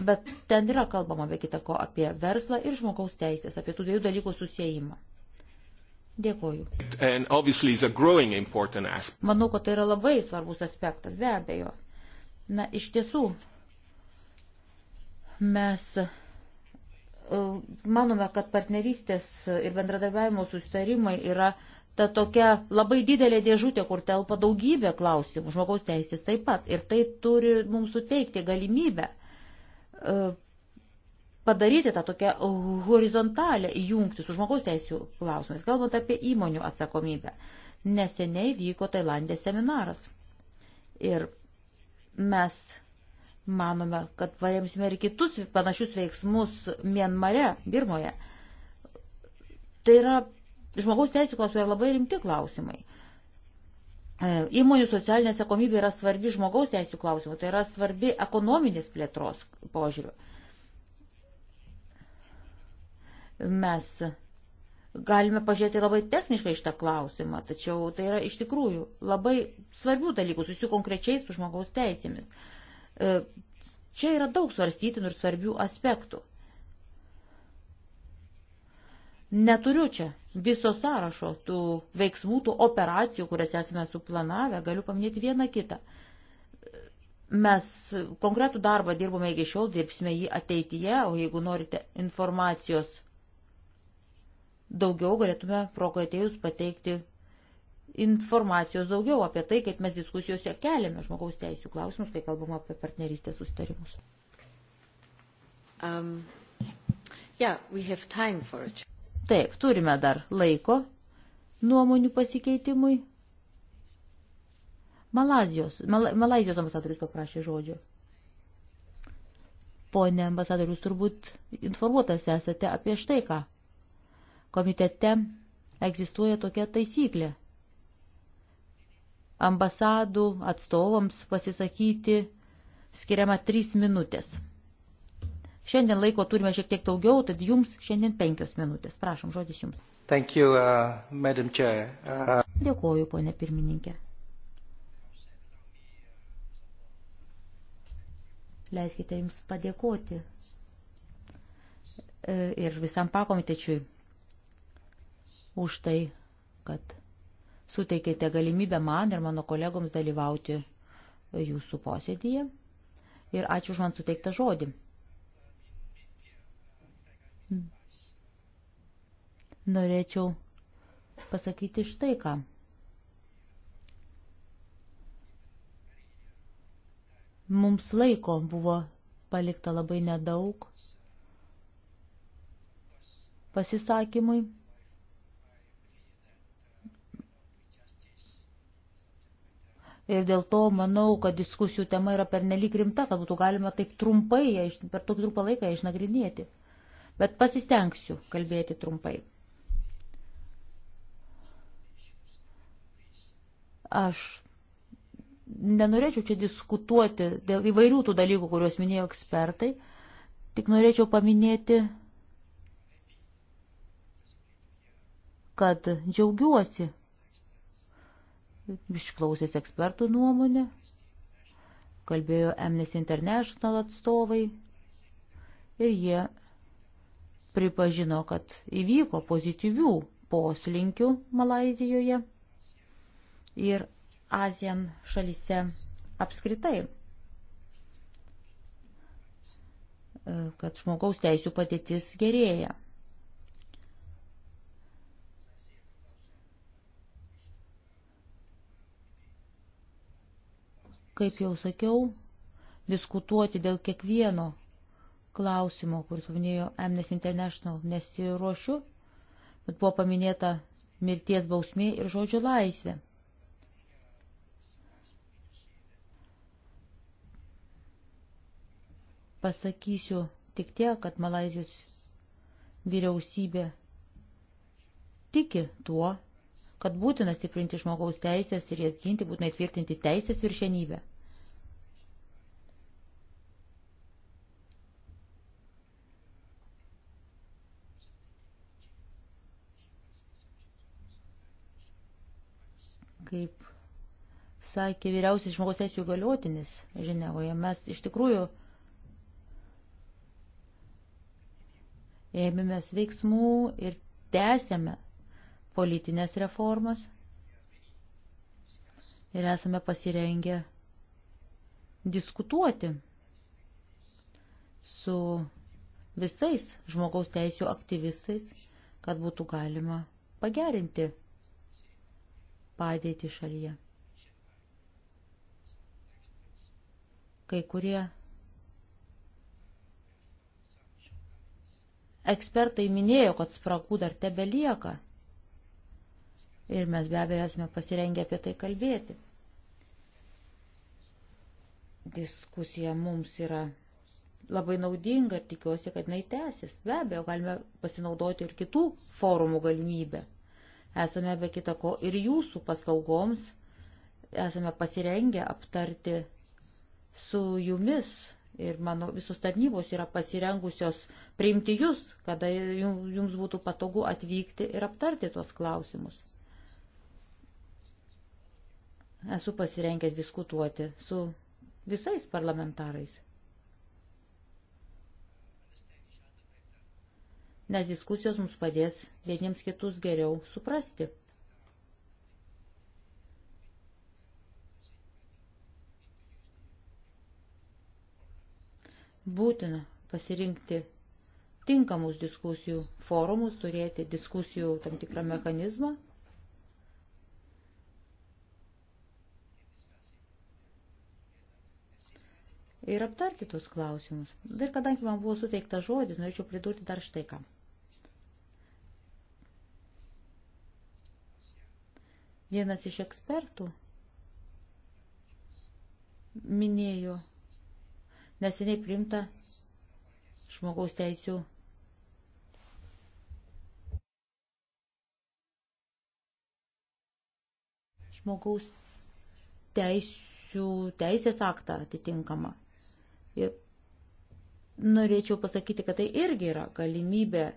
Bet ten yra kalbama be kita ko apie verslą ir žmogaus teisės, apie tų dviejų dalykų susijimą. Dėkoju. Manau, kad tai yra labai svarbus aspektas, be abejo. Na, iš tiesų, mes e, manome, kad partnerystės ir bendradarbiavimo sustarimai yra ta tokia labai didelė dėžutė, kur telpa daugybė klausimų, žmogaus teisės taip pat. Ir tai turi mums suteikti galimybę E, padaryti tą tokią horizontalę jungtį su žmogaus teisų klausimais, kalbant apie įmonių atsakomybę. Neseniai vyko Tailandė seminaras. Ir mes manome, kad paremsime ir kitus panašius veiksmus Mienmare, Birmoje. Tai yra žmogaus teisų klausimai yra labai rimti klausimai. E, įmonių socialinė atsakomybė yra svarbi žmogaus teisų klausimų, tai yra svarbi ekonominės plėtros požiūriu. Mes galime pažiūrėti labai techniškai šitą klausimą, tačiau tai yra iš tikrųjų labai svarbių dalykų susijusių konkrečiai su žmogaus teisėmis. E, čia yra daug svarstytinų ir svarbių aspektų. Neturiu čia viso sąrašo tų veiksmų, tų operacijų, kurias esame suplanavę, galiu paminėti vieną kitą. Mes konkretų darbą dirbome iki šiol, dirbsime jį ateityje, o jeigu norite informacijos daugiau, galėtume prokuratėjus pateikti informacijos daugiau apie tai, kaip mes diskusijose keliame žmogaus teisų klausimus, kai kalbam apie partnerystės sustarimus. Um, yeah, Taip, turime dar laiko nuomonių pasikeitimui. Malazijos, Mal, Malazijos ambasadorius paprašė žodžio. Pone ambasadorius, turbūt informuotas esate apie štai ką. Komitete egzistuoja tokia taisyklė. Ambasadų atstovams pasisakyti skiriama trys minutės. Šiandien laiko turime šiek tiek daugiau, tad jums šiandien penkios minutės. Prašom, žodis jums. Thank you, uh, Madam Chair. Uh... Dėkuoju, ponė pirmininkė. Leiskite jums padėkoti e, ir visam pakomitečiui už tai, kad suteikėte galimybę man ir mano kolegoms dalyvauti jūsų posėdyje. Ir ačiū už man suteiktą žodį. Norėčiau pasakyti štai ką. Mums laiko buvo palikta labai nedaug pasisakymui. Ir dėl to manau, kad diskusijų tema yra pernelyg rimta, kad būtų galima taip trumpai, per tokį trumpą laiką išnagrinėti bet pasistengsiu kalbėti trumpai. Aš nenorėčiau čia diskutuoti dėl įvairių tų dalykų, kuriuos minėjo ekspertai, tik norėčiau paminėti, kad džiaugiuosi išklausęs ekspertų nuomonę, kalbėjo Amnesty International atstovai ir jie pripažino, kad įvyko pozityvių poslinkių Malazijoje ir Azijan šalyse apskritai, e, kad žmogaus teisų padėtis gerėja. Kaip jau sakiau, diskutuoti dėl kiekvieno klausimo, kuris paminėjo Amnesty International, nesiruošiu, bet buvo paminėta mirties bausmė ir žodžio laisvė. Pasakysiu tik tiek, kad Malazijos vyriausybė tiki tuo, kad būtina stiprinti žmogaus teisės ir jas ginti, būtina įtvirtinti teisės viršenybę. Kaip sakė vyriausias žmogaus teisų galiotinis Ženevoje, mes iš tikrųjų ėmėmės veiksmų ir tęsėme politinės reformas ir esame pasirengę diskutuoti su visais žmogaus teisų aktyvistais, kad būtų galima pagerinti padėtį šalyje. Kai kurie ekspertai minėjo, kad spragų dar tebe lieka. Ir mes be abejo esame pasirengę apie tai kalbėti. Diskusija mums yra labai naudinga ir tikiuosi, kad jinai tęsis. Be abejo, galime pasinaudoti ir kitų forumų galimybę. Esame be kita ko ir jūsų paslaugoms, esame pasirengę aptarti su jumis ir mano visos tarnybos yra pasirengusios priimti jūs, kada jums būtų patogu atvykti ir aptarti tuos klausimus. Esu pasirengęs diskutuoti su visais parlamentarais. nes diskusijos mums padės vieniems kitus geriau suprasti. Būtina pasirinkti tinkamus diskusijų forumus, turėti diskusijų tam tikrą mechanizmą. Ir aptarti tuos klausimus. Dar kadangi man buvo suteikta žodis, norėčiau pridurti dar štai ką. Vienas iš ekspertų minėjo neseniai primta žmogaus teisių žmogaus teisių, teisės aktą atitinkamą. Ir norėčiau pasakyti, kad tai irgi yra galimybė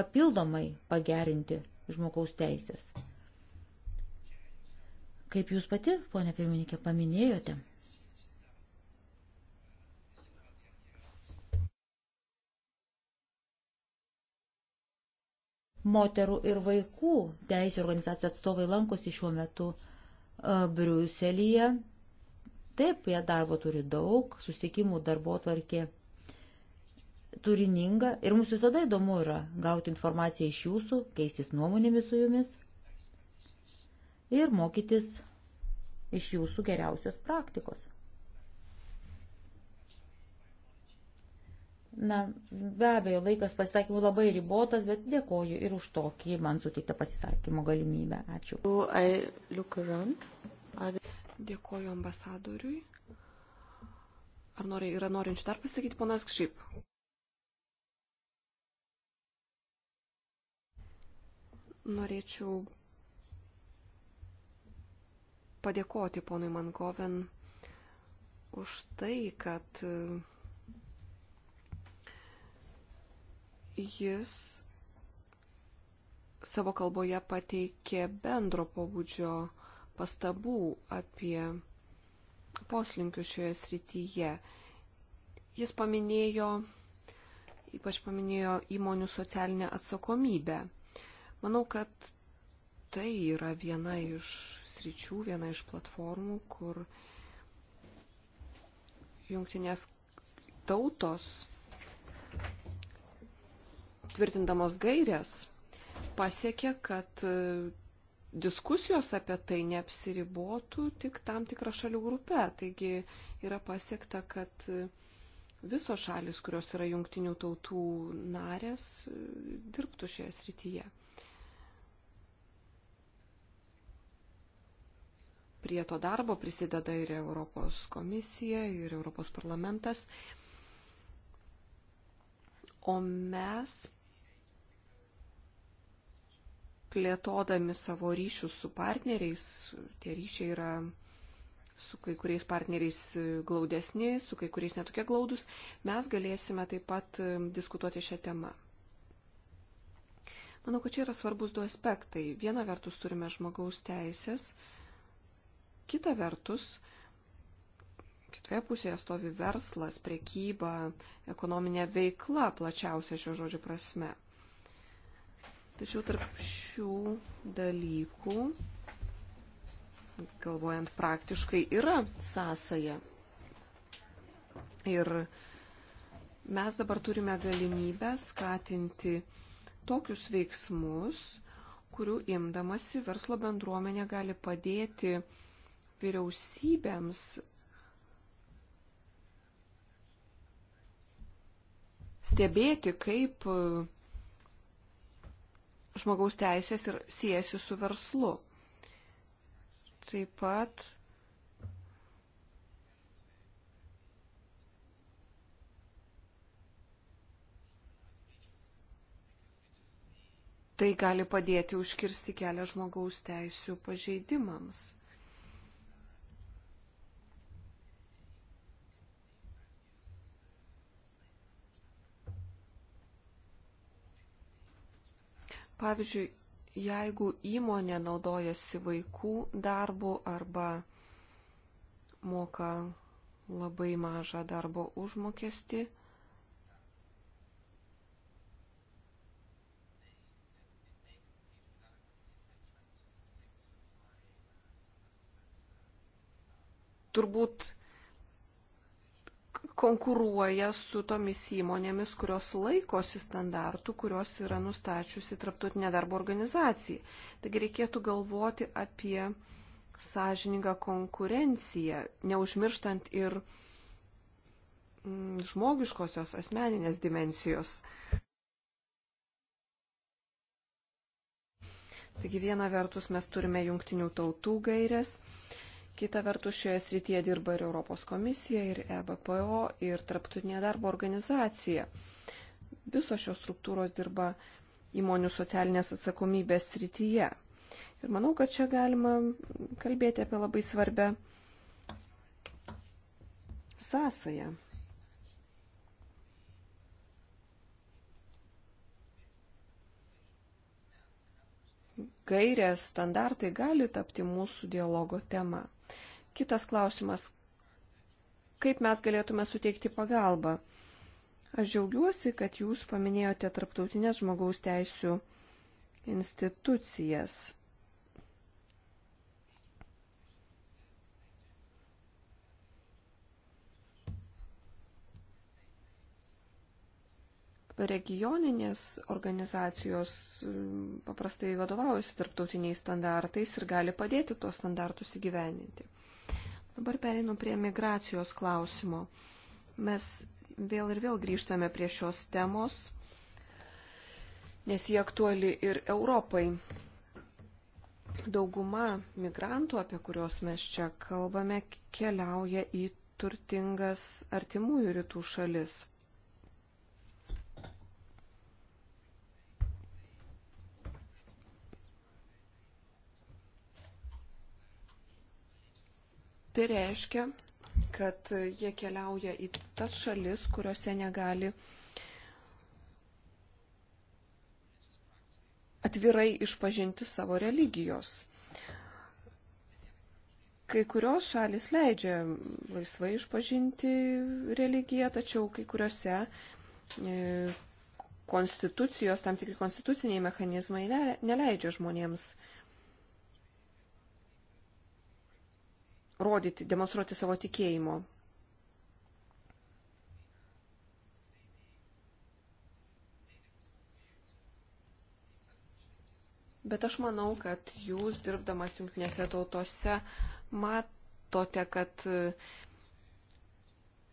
papildomai pagerinti žmogaus teisės. Kaip jūs pati, ponė pirmininkė, paminėjote, moterų ir vaikų teisų organizacijų atstovai lankosi šiuo metu uh, e, Briuselėje. Taip, jie darbo turi daug, susitikimų darbo tvarkė turininga ir mums visada įdomu yra gauti informaciją iš jūsų, keistis nuomonėmis su jumis ir mokytis iš jūsų geriausios praktikos. Na, be abejo, laikas pasisakymų labai ribotas, bet dėkoju ir už tokį man suteiktą pasisakymo galimybę. Ačiū. Dėkoju ambasadoriui. Ar nori, yra norinčių dar pasakyti, ponas Kšyp? Norėčiau padėkoti ponui Mankoven už tai, kad e, jis savo kalboje pateikė bendro pobūdžio pastabų apie poslinkius šioje srityje. Jis paminėjo, ypač paminėjo įmonių socialinę atsakomybę. Manau, kad tai yra viena iš sričių, viena iš platformų, kur jungtinės tautos tvirtindamos gairias pasiekė, kad e, diskusijos apie tai neapsiribotų tik tam tikrą šalių grupę. Taigi yra pasiekta, kad e, visos šalis, kurios yra jungtinių tautų narės, e, dirbtų šioje srityje. prie to darbo prisideda ir Europos komisija, ir Europos parlamentas. O mes, plėtodami savo ryšius su partneriais, tie ryšiai yra su kai kuriais partneriais glaudesni, su kai kuriais netokie glaudus, mes galėsime taip pat diskutuoti šią temą. Manau, kad čia yra svarbus du aspektai. Viena vertus turime žmogaus teisės, kita vertus, kitoje pusėje stovi verslas, prekyba, ekonominė veikla plačiausia šio žodžio prasme. Tačiau tarp šių dalykų, galvojant praktiškai, yra sąsaja. Ir mes dabar turime galimybę skatinti tokius veiksmus, kurių imdamasi verslo bendruomenė gali padėti uh, vyriausybėms stebėti, kaip uh, žmogaus teisės ir siejasi su verslu. Taip pat tai gali padėti užkirsti kelią žmogaus teisų pažeidimams. Pavyzdžiui, jeigu įmonė naudojasi vaikų darbu arba moka labai mažą darbo užmokestį, turbūt konkuruoja su tomis įmonėmis, kurios laikosi standartų, kurios yra nustačiusi Traptautinė darbo organizacija. Taigi reikėtų galvoti apie sąžiningą konkurenciją, neužmirštant ir mm, žmogiškosios asmeninės dimensijos. Taigi viena vertus mes turime jungtinių tautų gairias, Kita vertus šioje srityje dirba ir Europos komisija, ir EBPO, ir Traptutinė darbo organizacija. Visos šios struktūros dirba įmonių socialinės atsakomybės srityje. Ir manau, kad čia galima kalbėti apie labai svarbę sąsają. Gairės standartai gali tapti mūsų dialogo tema. Kitas klausimas. Kaip mes galėtume suteikti pagalbą? Aš džiaugiuosi, kad jūs paminėjote tarptautinės žmogaus teisų institucijas. regioninės organizacijos mm, paprastai vadovaujasi tarptautiniais standartais ir gali padėti tuos standartus įgyveninti. Dabar perinu prie migracijos klausimo. Mes vėl ir vėl grįžtame prie šios temos, nes jie aktuali ir Europai. Dauguma migrantų, apie kuriuos mes čia kalbame, keliauja į turtingas artimųjų rytų šalis. Tai reiškia, kad jie keliauja į tas šalis, kuriuose negali atvirai išpažinti savo religijos. Kai kurios šalis leidžia laisvai išpažinti religiją, tačiau kai kuriuose e, konstitucijos, tam tikri konstituciniai mechanizmai neleidžia žmonėms rodyti, demonstruoti savo tikėjimo. Bet aš manau, kad jūs dirbdamas jungtinėse tautose matote, kad e,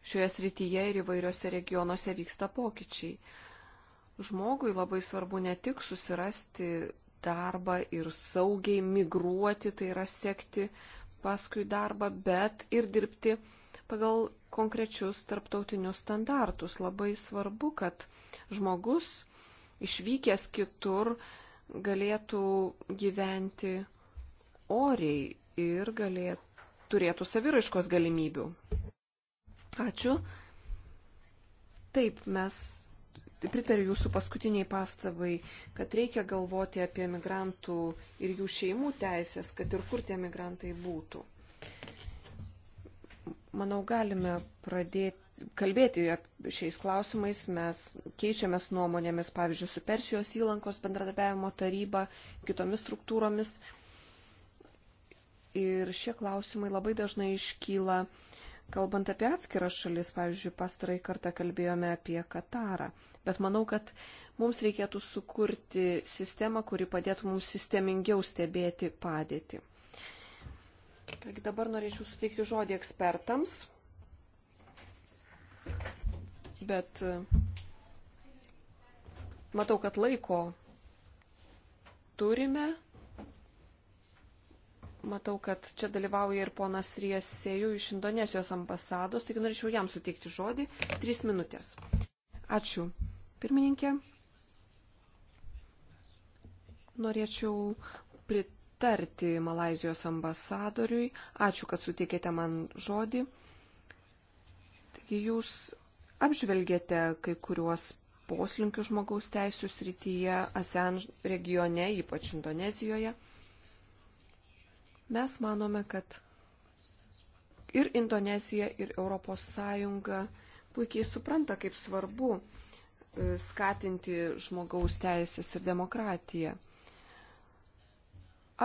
šioje srityje ir įvairiose regionuose vyksta pokyčiai. Žmogui labai svarbu ne tik susirasti darbą ir saugiai migruoti, tai yra sekti uh, paskui darbą, bet ir dirbti pagal konkrečius tarptautinius standartus. Labai svarbu, kad žmogus išvykęs kitur galėtų gyventi oriai ir galėtų, turėtų saviraiškos galimybių. Ačiū. Taip, mes pritariu jūsų paskutiniai pastabai, kad reikia galvoti apie migrantų ir jų šeimų teisės, kad ir kur tie migrantai būtų. Manau, galime pradėti kalbėti šiais klausimais. Mes keičiamės nuomonėmis, pavyzdžiui, su Persijos įlankos bendradarbiavimo taryba, kitomis struktūromis. Ir šie klausimai labai dažnai iškyla uh, Kalbant apie atskiras šalis, pavyzdžiui, pastarai kartą kalbėjome apie Katarą, bet manau, kad mums reikėtų sukurti sistemą, kuri padėtų mums sistemingiau stebėti padėtį. Kągi dabar norėčiau suteikti žodį ekspertams, bet e, matau, kad laiko turime Matau, kad čia dalyvauja ir ponas Rijas Sėjų iš Indonezijos ambasados, taigi norėčiau jam suteikti žodį. Trys minutės. Ačiū. Pirmininkė, norėčiau pritarti Malazijos ambasadoriui. Ačiū, kad suteikėte man žodį. Taigi jūs apžvelgėte kai kuriuos poslinkius žmogaus teisų srityje ASEAN regione, ypač Indonezijoje. Mes manome, kad ir Indonezija, ir Europos Sąjunga puikiai supranta, kaip svarbu e, skatinti žmogaus teisės ir demokratiją.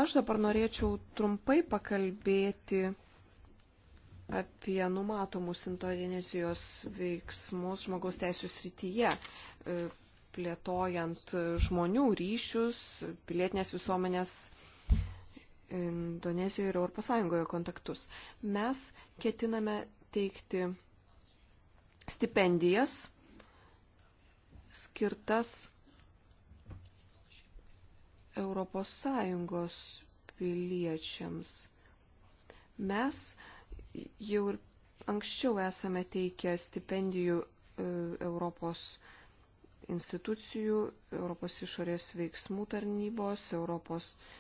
Aš dabar norėčiau trumpai pakalbėti apie numatomus Indonezijos veiksmus žmogaus teisų srityje, e, plėtojant žmonių ryšius, pilietinės visuomenės Indonezijoje ir Europos Sąjungoje kontaktus. Mes ketiname teikti stipendijas skirtas Europos Sąjungos piliečiams. Mes jau ir anksčiau esame teikę stipendijų e, Europos institucijų, Europos išorės veiksmų tarnybos, Europos uh,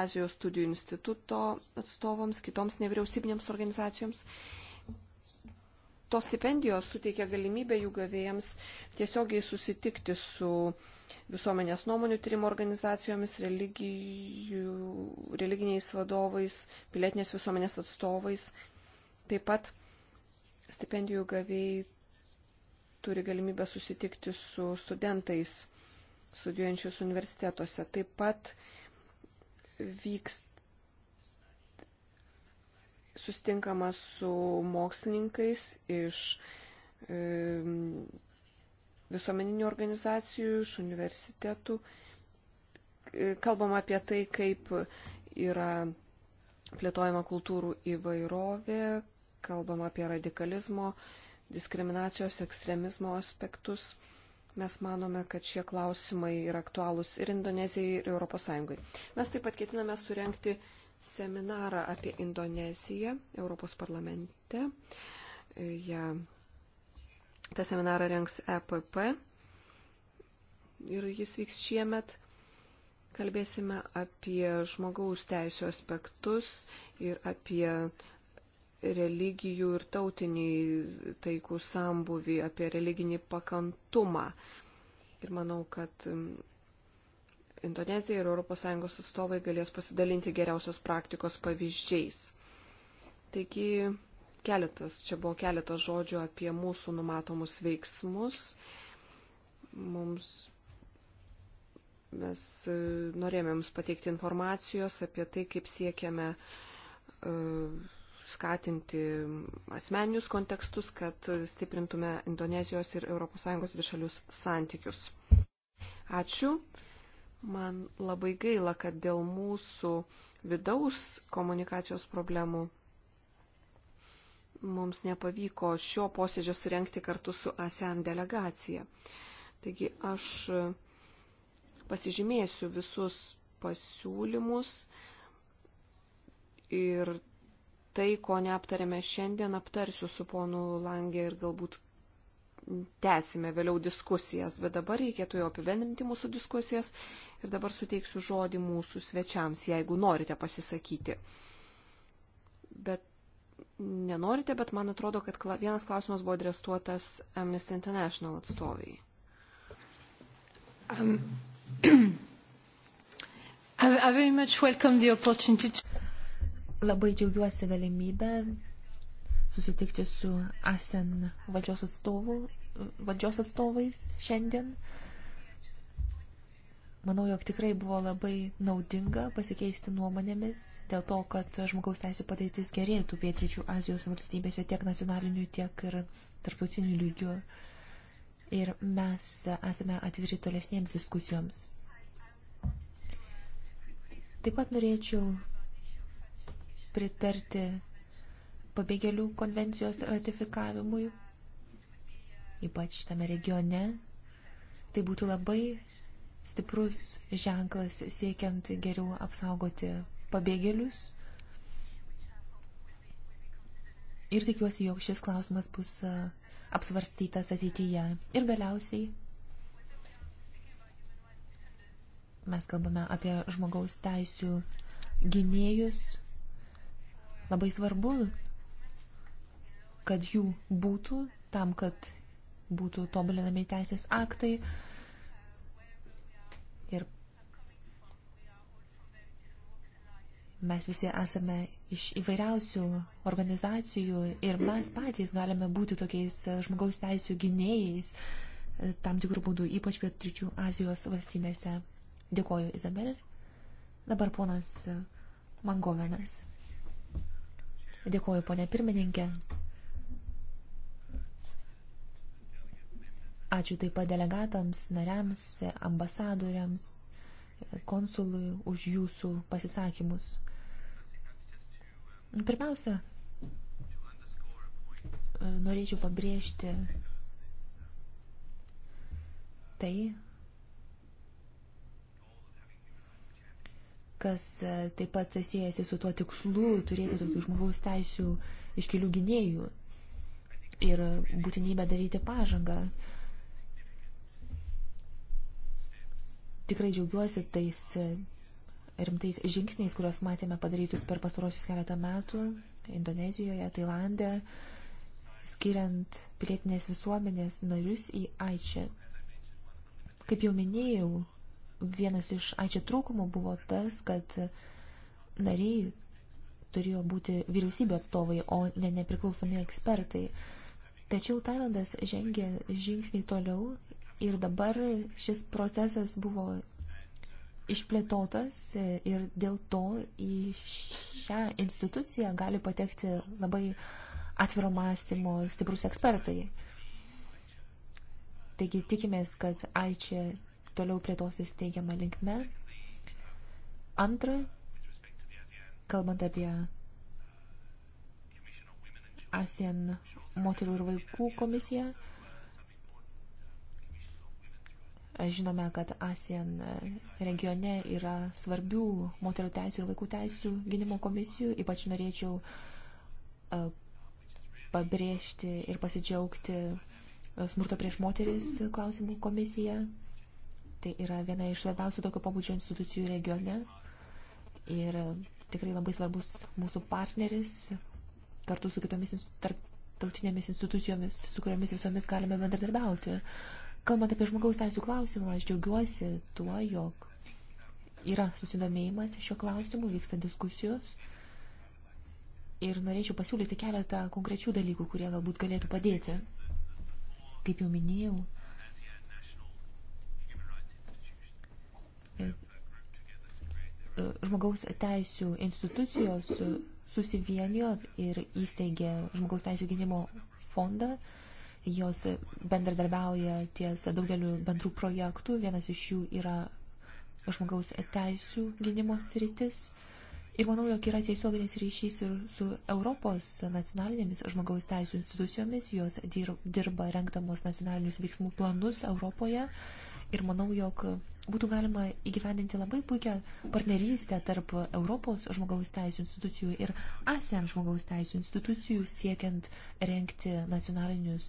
Azijos studijų instituto atstovams, kitoms nevyriausybinėms organizacijoms. Tos stipendijos suteikia galimybę jų gavėjams tiesiogiai susitikti su visuomenės nuomonių tyrimo organizacijomis, religijų, religiniais vadovais, pilietinės visuomenės atstovais. Taip pat stipendijų gavėjai turi galimybę susitikti su studentais studijuojančius universitetuose. Taip pat vyks sustinkama su mokslininkais iš e, visuomeninių organizacijų, iš universitetų. E, kalbam apie tai, kaip yra plėtojama kultūrų įvairovė, kalbam apie radikalizmo, diskriminacijos, ekstremizmo aspektus. E, Mes manome, kad šie klausimai yra aktualūs ir Indonezijai, ir ES. Mes taip pat ketiname surenkti seminarą apie Indoneziją Europos parlamente. Ja, tą seminarą renks EPP ir jis vyks šiemet. Kalbėsime apie žmogaus teisų aspektus ir apie religijų ir tautinį taikų sambuvį, apie religinį pakantumą. Ir manau, kad mm, Indonezija ir ES atstovai galės pasidalinti geriausios praktikos pavyzdžiais. Taigi, keletas, čia buvo keletas žodžių apie mūsų numatomus veiksmus. Mums mes e, norėjome jums pateikti informacijos apie tai, kaip siekiame uh, skatinti asmeninius kontekstus, kad stiprintume Indonezijos ir ES dvišalius santykius. Ačiū. Man labai gaila, kad dėl mūsų vidaus komunikacijos problemų mums nepavyko šio posėdžio surenkti kartu su ASEAN delegacija. Taigi aš pasižymėsiu visus pasiūlymus ir tai, ko neaptarėme šiandien, aptarsiu su ponu Langė ir galbūt tęsime vėliau diskusijas, bet dabar reikėtų jau apibendrinti mūsų diskusijas ir dabar suteiksiu žodį mūsų svečiams, jeigu norite pasisakyti. Bet nenorite, bet man atrodo, kad vienas klausimas buvo adresuotas Amnesty International atstoviai. Um, [CLEARS THROAT] I very much welcome the opportunity to... Labai džiaugiuosi galimybę susitikti su ASEN valdžios, atstovų, valdžios atstovais šiandien. Manau, jog tikrai buvo labai naudinga pasikeisti nuomonėmis dėl to, kad žmogaus teisų padėtis gerėtų Pietričių Azijos valstybėse tiek nacionaliniu, tiek ir tarptautiniu lygiu. Ir mes esame atviri tolesniems diskusijoms. Taip pat norėčiau pritarti pabėgėlių konvencijos ratifikavimui, ypač šitame regione. Tai būtų labai stiprus ženklas siekiant geriau apsaugoti pabėgėlius. Ir tikiuosi, jog šis klausimas bus apsvarstytas ateityje. Ir galiausiai mes kalbame apie žmogaus teisų gynėjus Labai svarbu, kad jų būtų tam, kad būtų tobulinami teisės aktai. Ir mes visi esame iš įvairiausių organizacijų ir mes patys galime būti tokiais žmogaus teisų gynėjais tam tikrų būdų, ypač pietryčių Azijos valstybėse. Dėkoju, Izabel. Dabar ponas Mangovenas. Dėkuoju, ponė pirmininkė. Ačiū taip pat delegatams, nariams, ambasadoriams, konsului už jūsų pasisakymus. Pirmiausia, norėčiau pabrėžti tai, kas e, taip pat siejasi su tuo tikslu turėti tokių žmogaus teisų iškelių gynėjų ir būtinybę daryti pažangą. Tikrai džiaugiuosi tais e, rimtais žingsniais, kuriuos matėme padarytus per pastarosius keletą metų Indonezijoje, Tailandė, skiriant pilietinės visuomenės narius į Aičia. Kaip jau minėjau, Vienas iš ačiū trūkumų buvo tas, kad nariai turėjo būti vyriausybė atstovai, o ne nepriklausomi ekspertai. Tačiau Tailandas žengė žingsnį toliau ir dabar šis procesas buvo išplėtotas ir dėl to į šią instituciją gali patekti labai atviro mąstymo stiprus ekspertai. Taigi tikimės, kad Aičia toliau plėtosis teigiamą linkme. Antra, kalbant apie ASEAN moterų ir vaikų komisiją, Žinome, kad ASEAN regione yra svarbių moterų teisų ir vaikų teisų gynimo komisijų. Ypač norėčiau pabrėžti ir pasidžiaugti smurto prieš moteris klausimų komisiją. Tai yra viena iš svarbiausių tokio pabudžio institucijų regione ir e, tikrai labai svarbus mūsų partneris kartu su kitomis tarptautinėmis institucijomis, su kuriomis visomis galime bendradarbiauti. Kalbant apie žmogaus teisų klausimą, aš džiaugiuosi tuo, jog yra susidomėjimas šiuo klausimu, vyksta diskusijos ir norėčiau pasiūlyti keletą konkrečių dalykų, kurie galbūt galėtų padėti. Kaip jau minėjau, žmogaus teisų institucijos susivienijo ir įsteigė žmogaus teisų gynimo fondą. Jos bendradarbiauja ties daugeliu bendrų projektų. Vienas iš jų yra žmogaus teisų gynimo sritis. Ir manau, jog yra tiesioginis ryšys ir su Europos nacionalinėmis žmogaus teisų institucijomis, jos dirba renkdamos nacionalinius veiksmų planus Europoje Ir manau, jog būtų galima įgyvendinti labai puikią partnerystę tarp Europos žmogaus teisų institucijų ir ASEAN žmogaus teisų institucijų siekiant renkti nacionalinius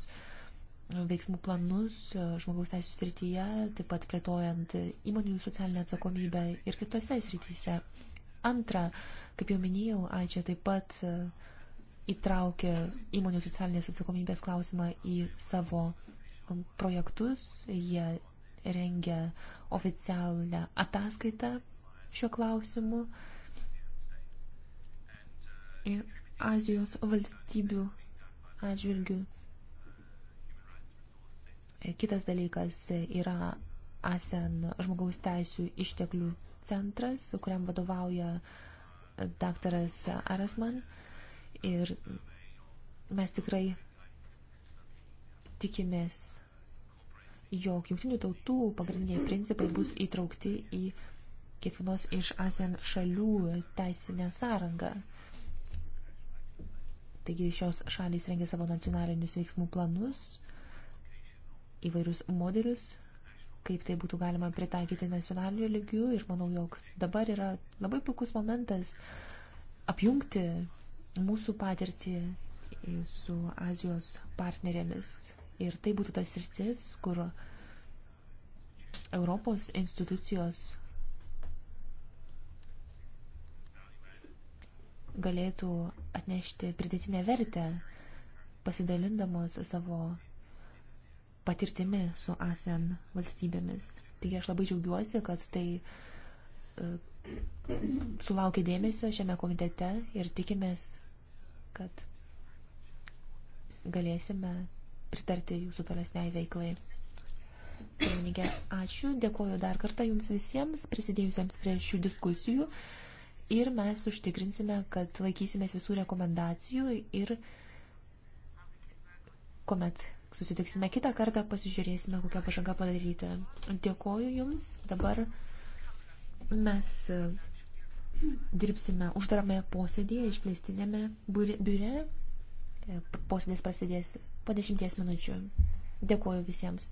veiksmų planus žmogaus teisų srityje, taip pat plėtojant įmonių socialinę atsakomybę ir kitose srityse. Antra, kaip jau minėjau, Aičia taip pat e, įtraukė įmonių socialinės atsakomybės klausimą į savo projektus, jie rengia oficialią ataskaitą šiuo klausimu. Ir Azijos valstybių atžvilgių. Kitas dalykas yra ASEN žmogaus teisų išteklių centras, kuriam vadovauja daktaras Arasman. Ir mes tikrai tikimės jog jungtinių tautų pagrindiniai principai bus įtraukti į kiekvienos iš ASEAN šalių teisinę sąrangą. Taigi šios šalys rengia savo nacionalinius veiksmų planus, įvairius modelius, kaip tai būtų galima pritaikyti nacionaliniu lygiu ir manau, jog dabar yra labai puikus momentas apjungti mūsų patirtį su Azijos partnerėmis Ir tai būtų tas rytis, kur Europos institucijos galėtų atnešti pridėtinę vertę, pasidalindamos savo patirtimi su ASEAN valstybėmis. Taigi aš labai džiaugiuosi, kad tai e, sulaukė dėmesio šiame komitete ir tikimės, kad galėsime pritarti jūsų tolesniai veiklai. Pirmininkė, ačiū, dėkoju dar kartą jums visiems prisidėjusiems prie šių diskusijų ir mes užtikrinsime, kad laikysimės visų rekomendacijų ir kuomet susitiksime kitą kartą, pasižiūrėsime, kokią pažangą padaryti. Dėkoju jums, dabar mes e, dirbsime uždarame posėdėje, išplėstinėme biure, e, posėdės prasidės po dešimties minučių. Dėkuoju visiems.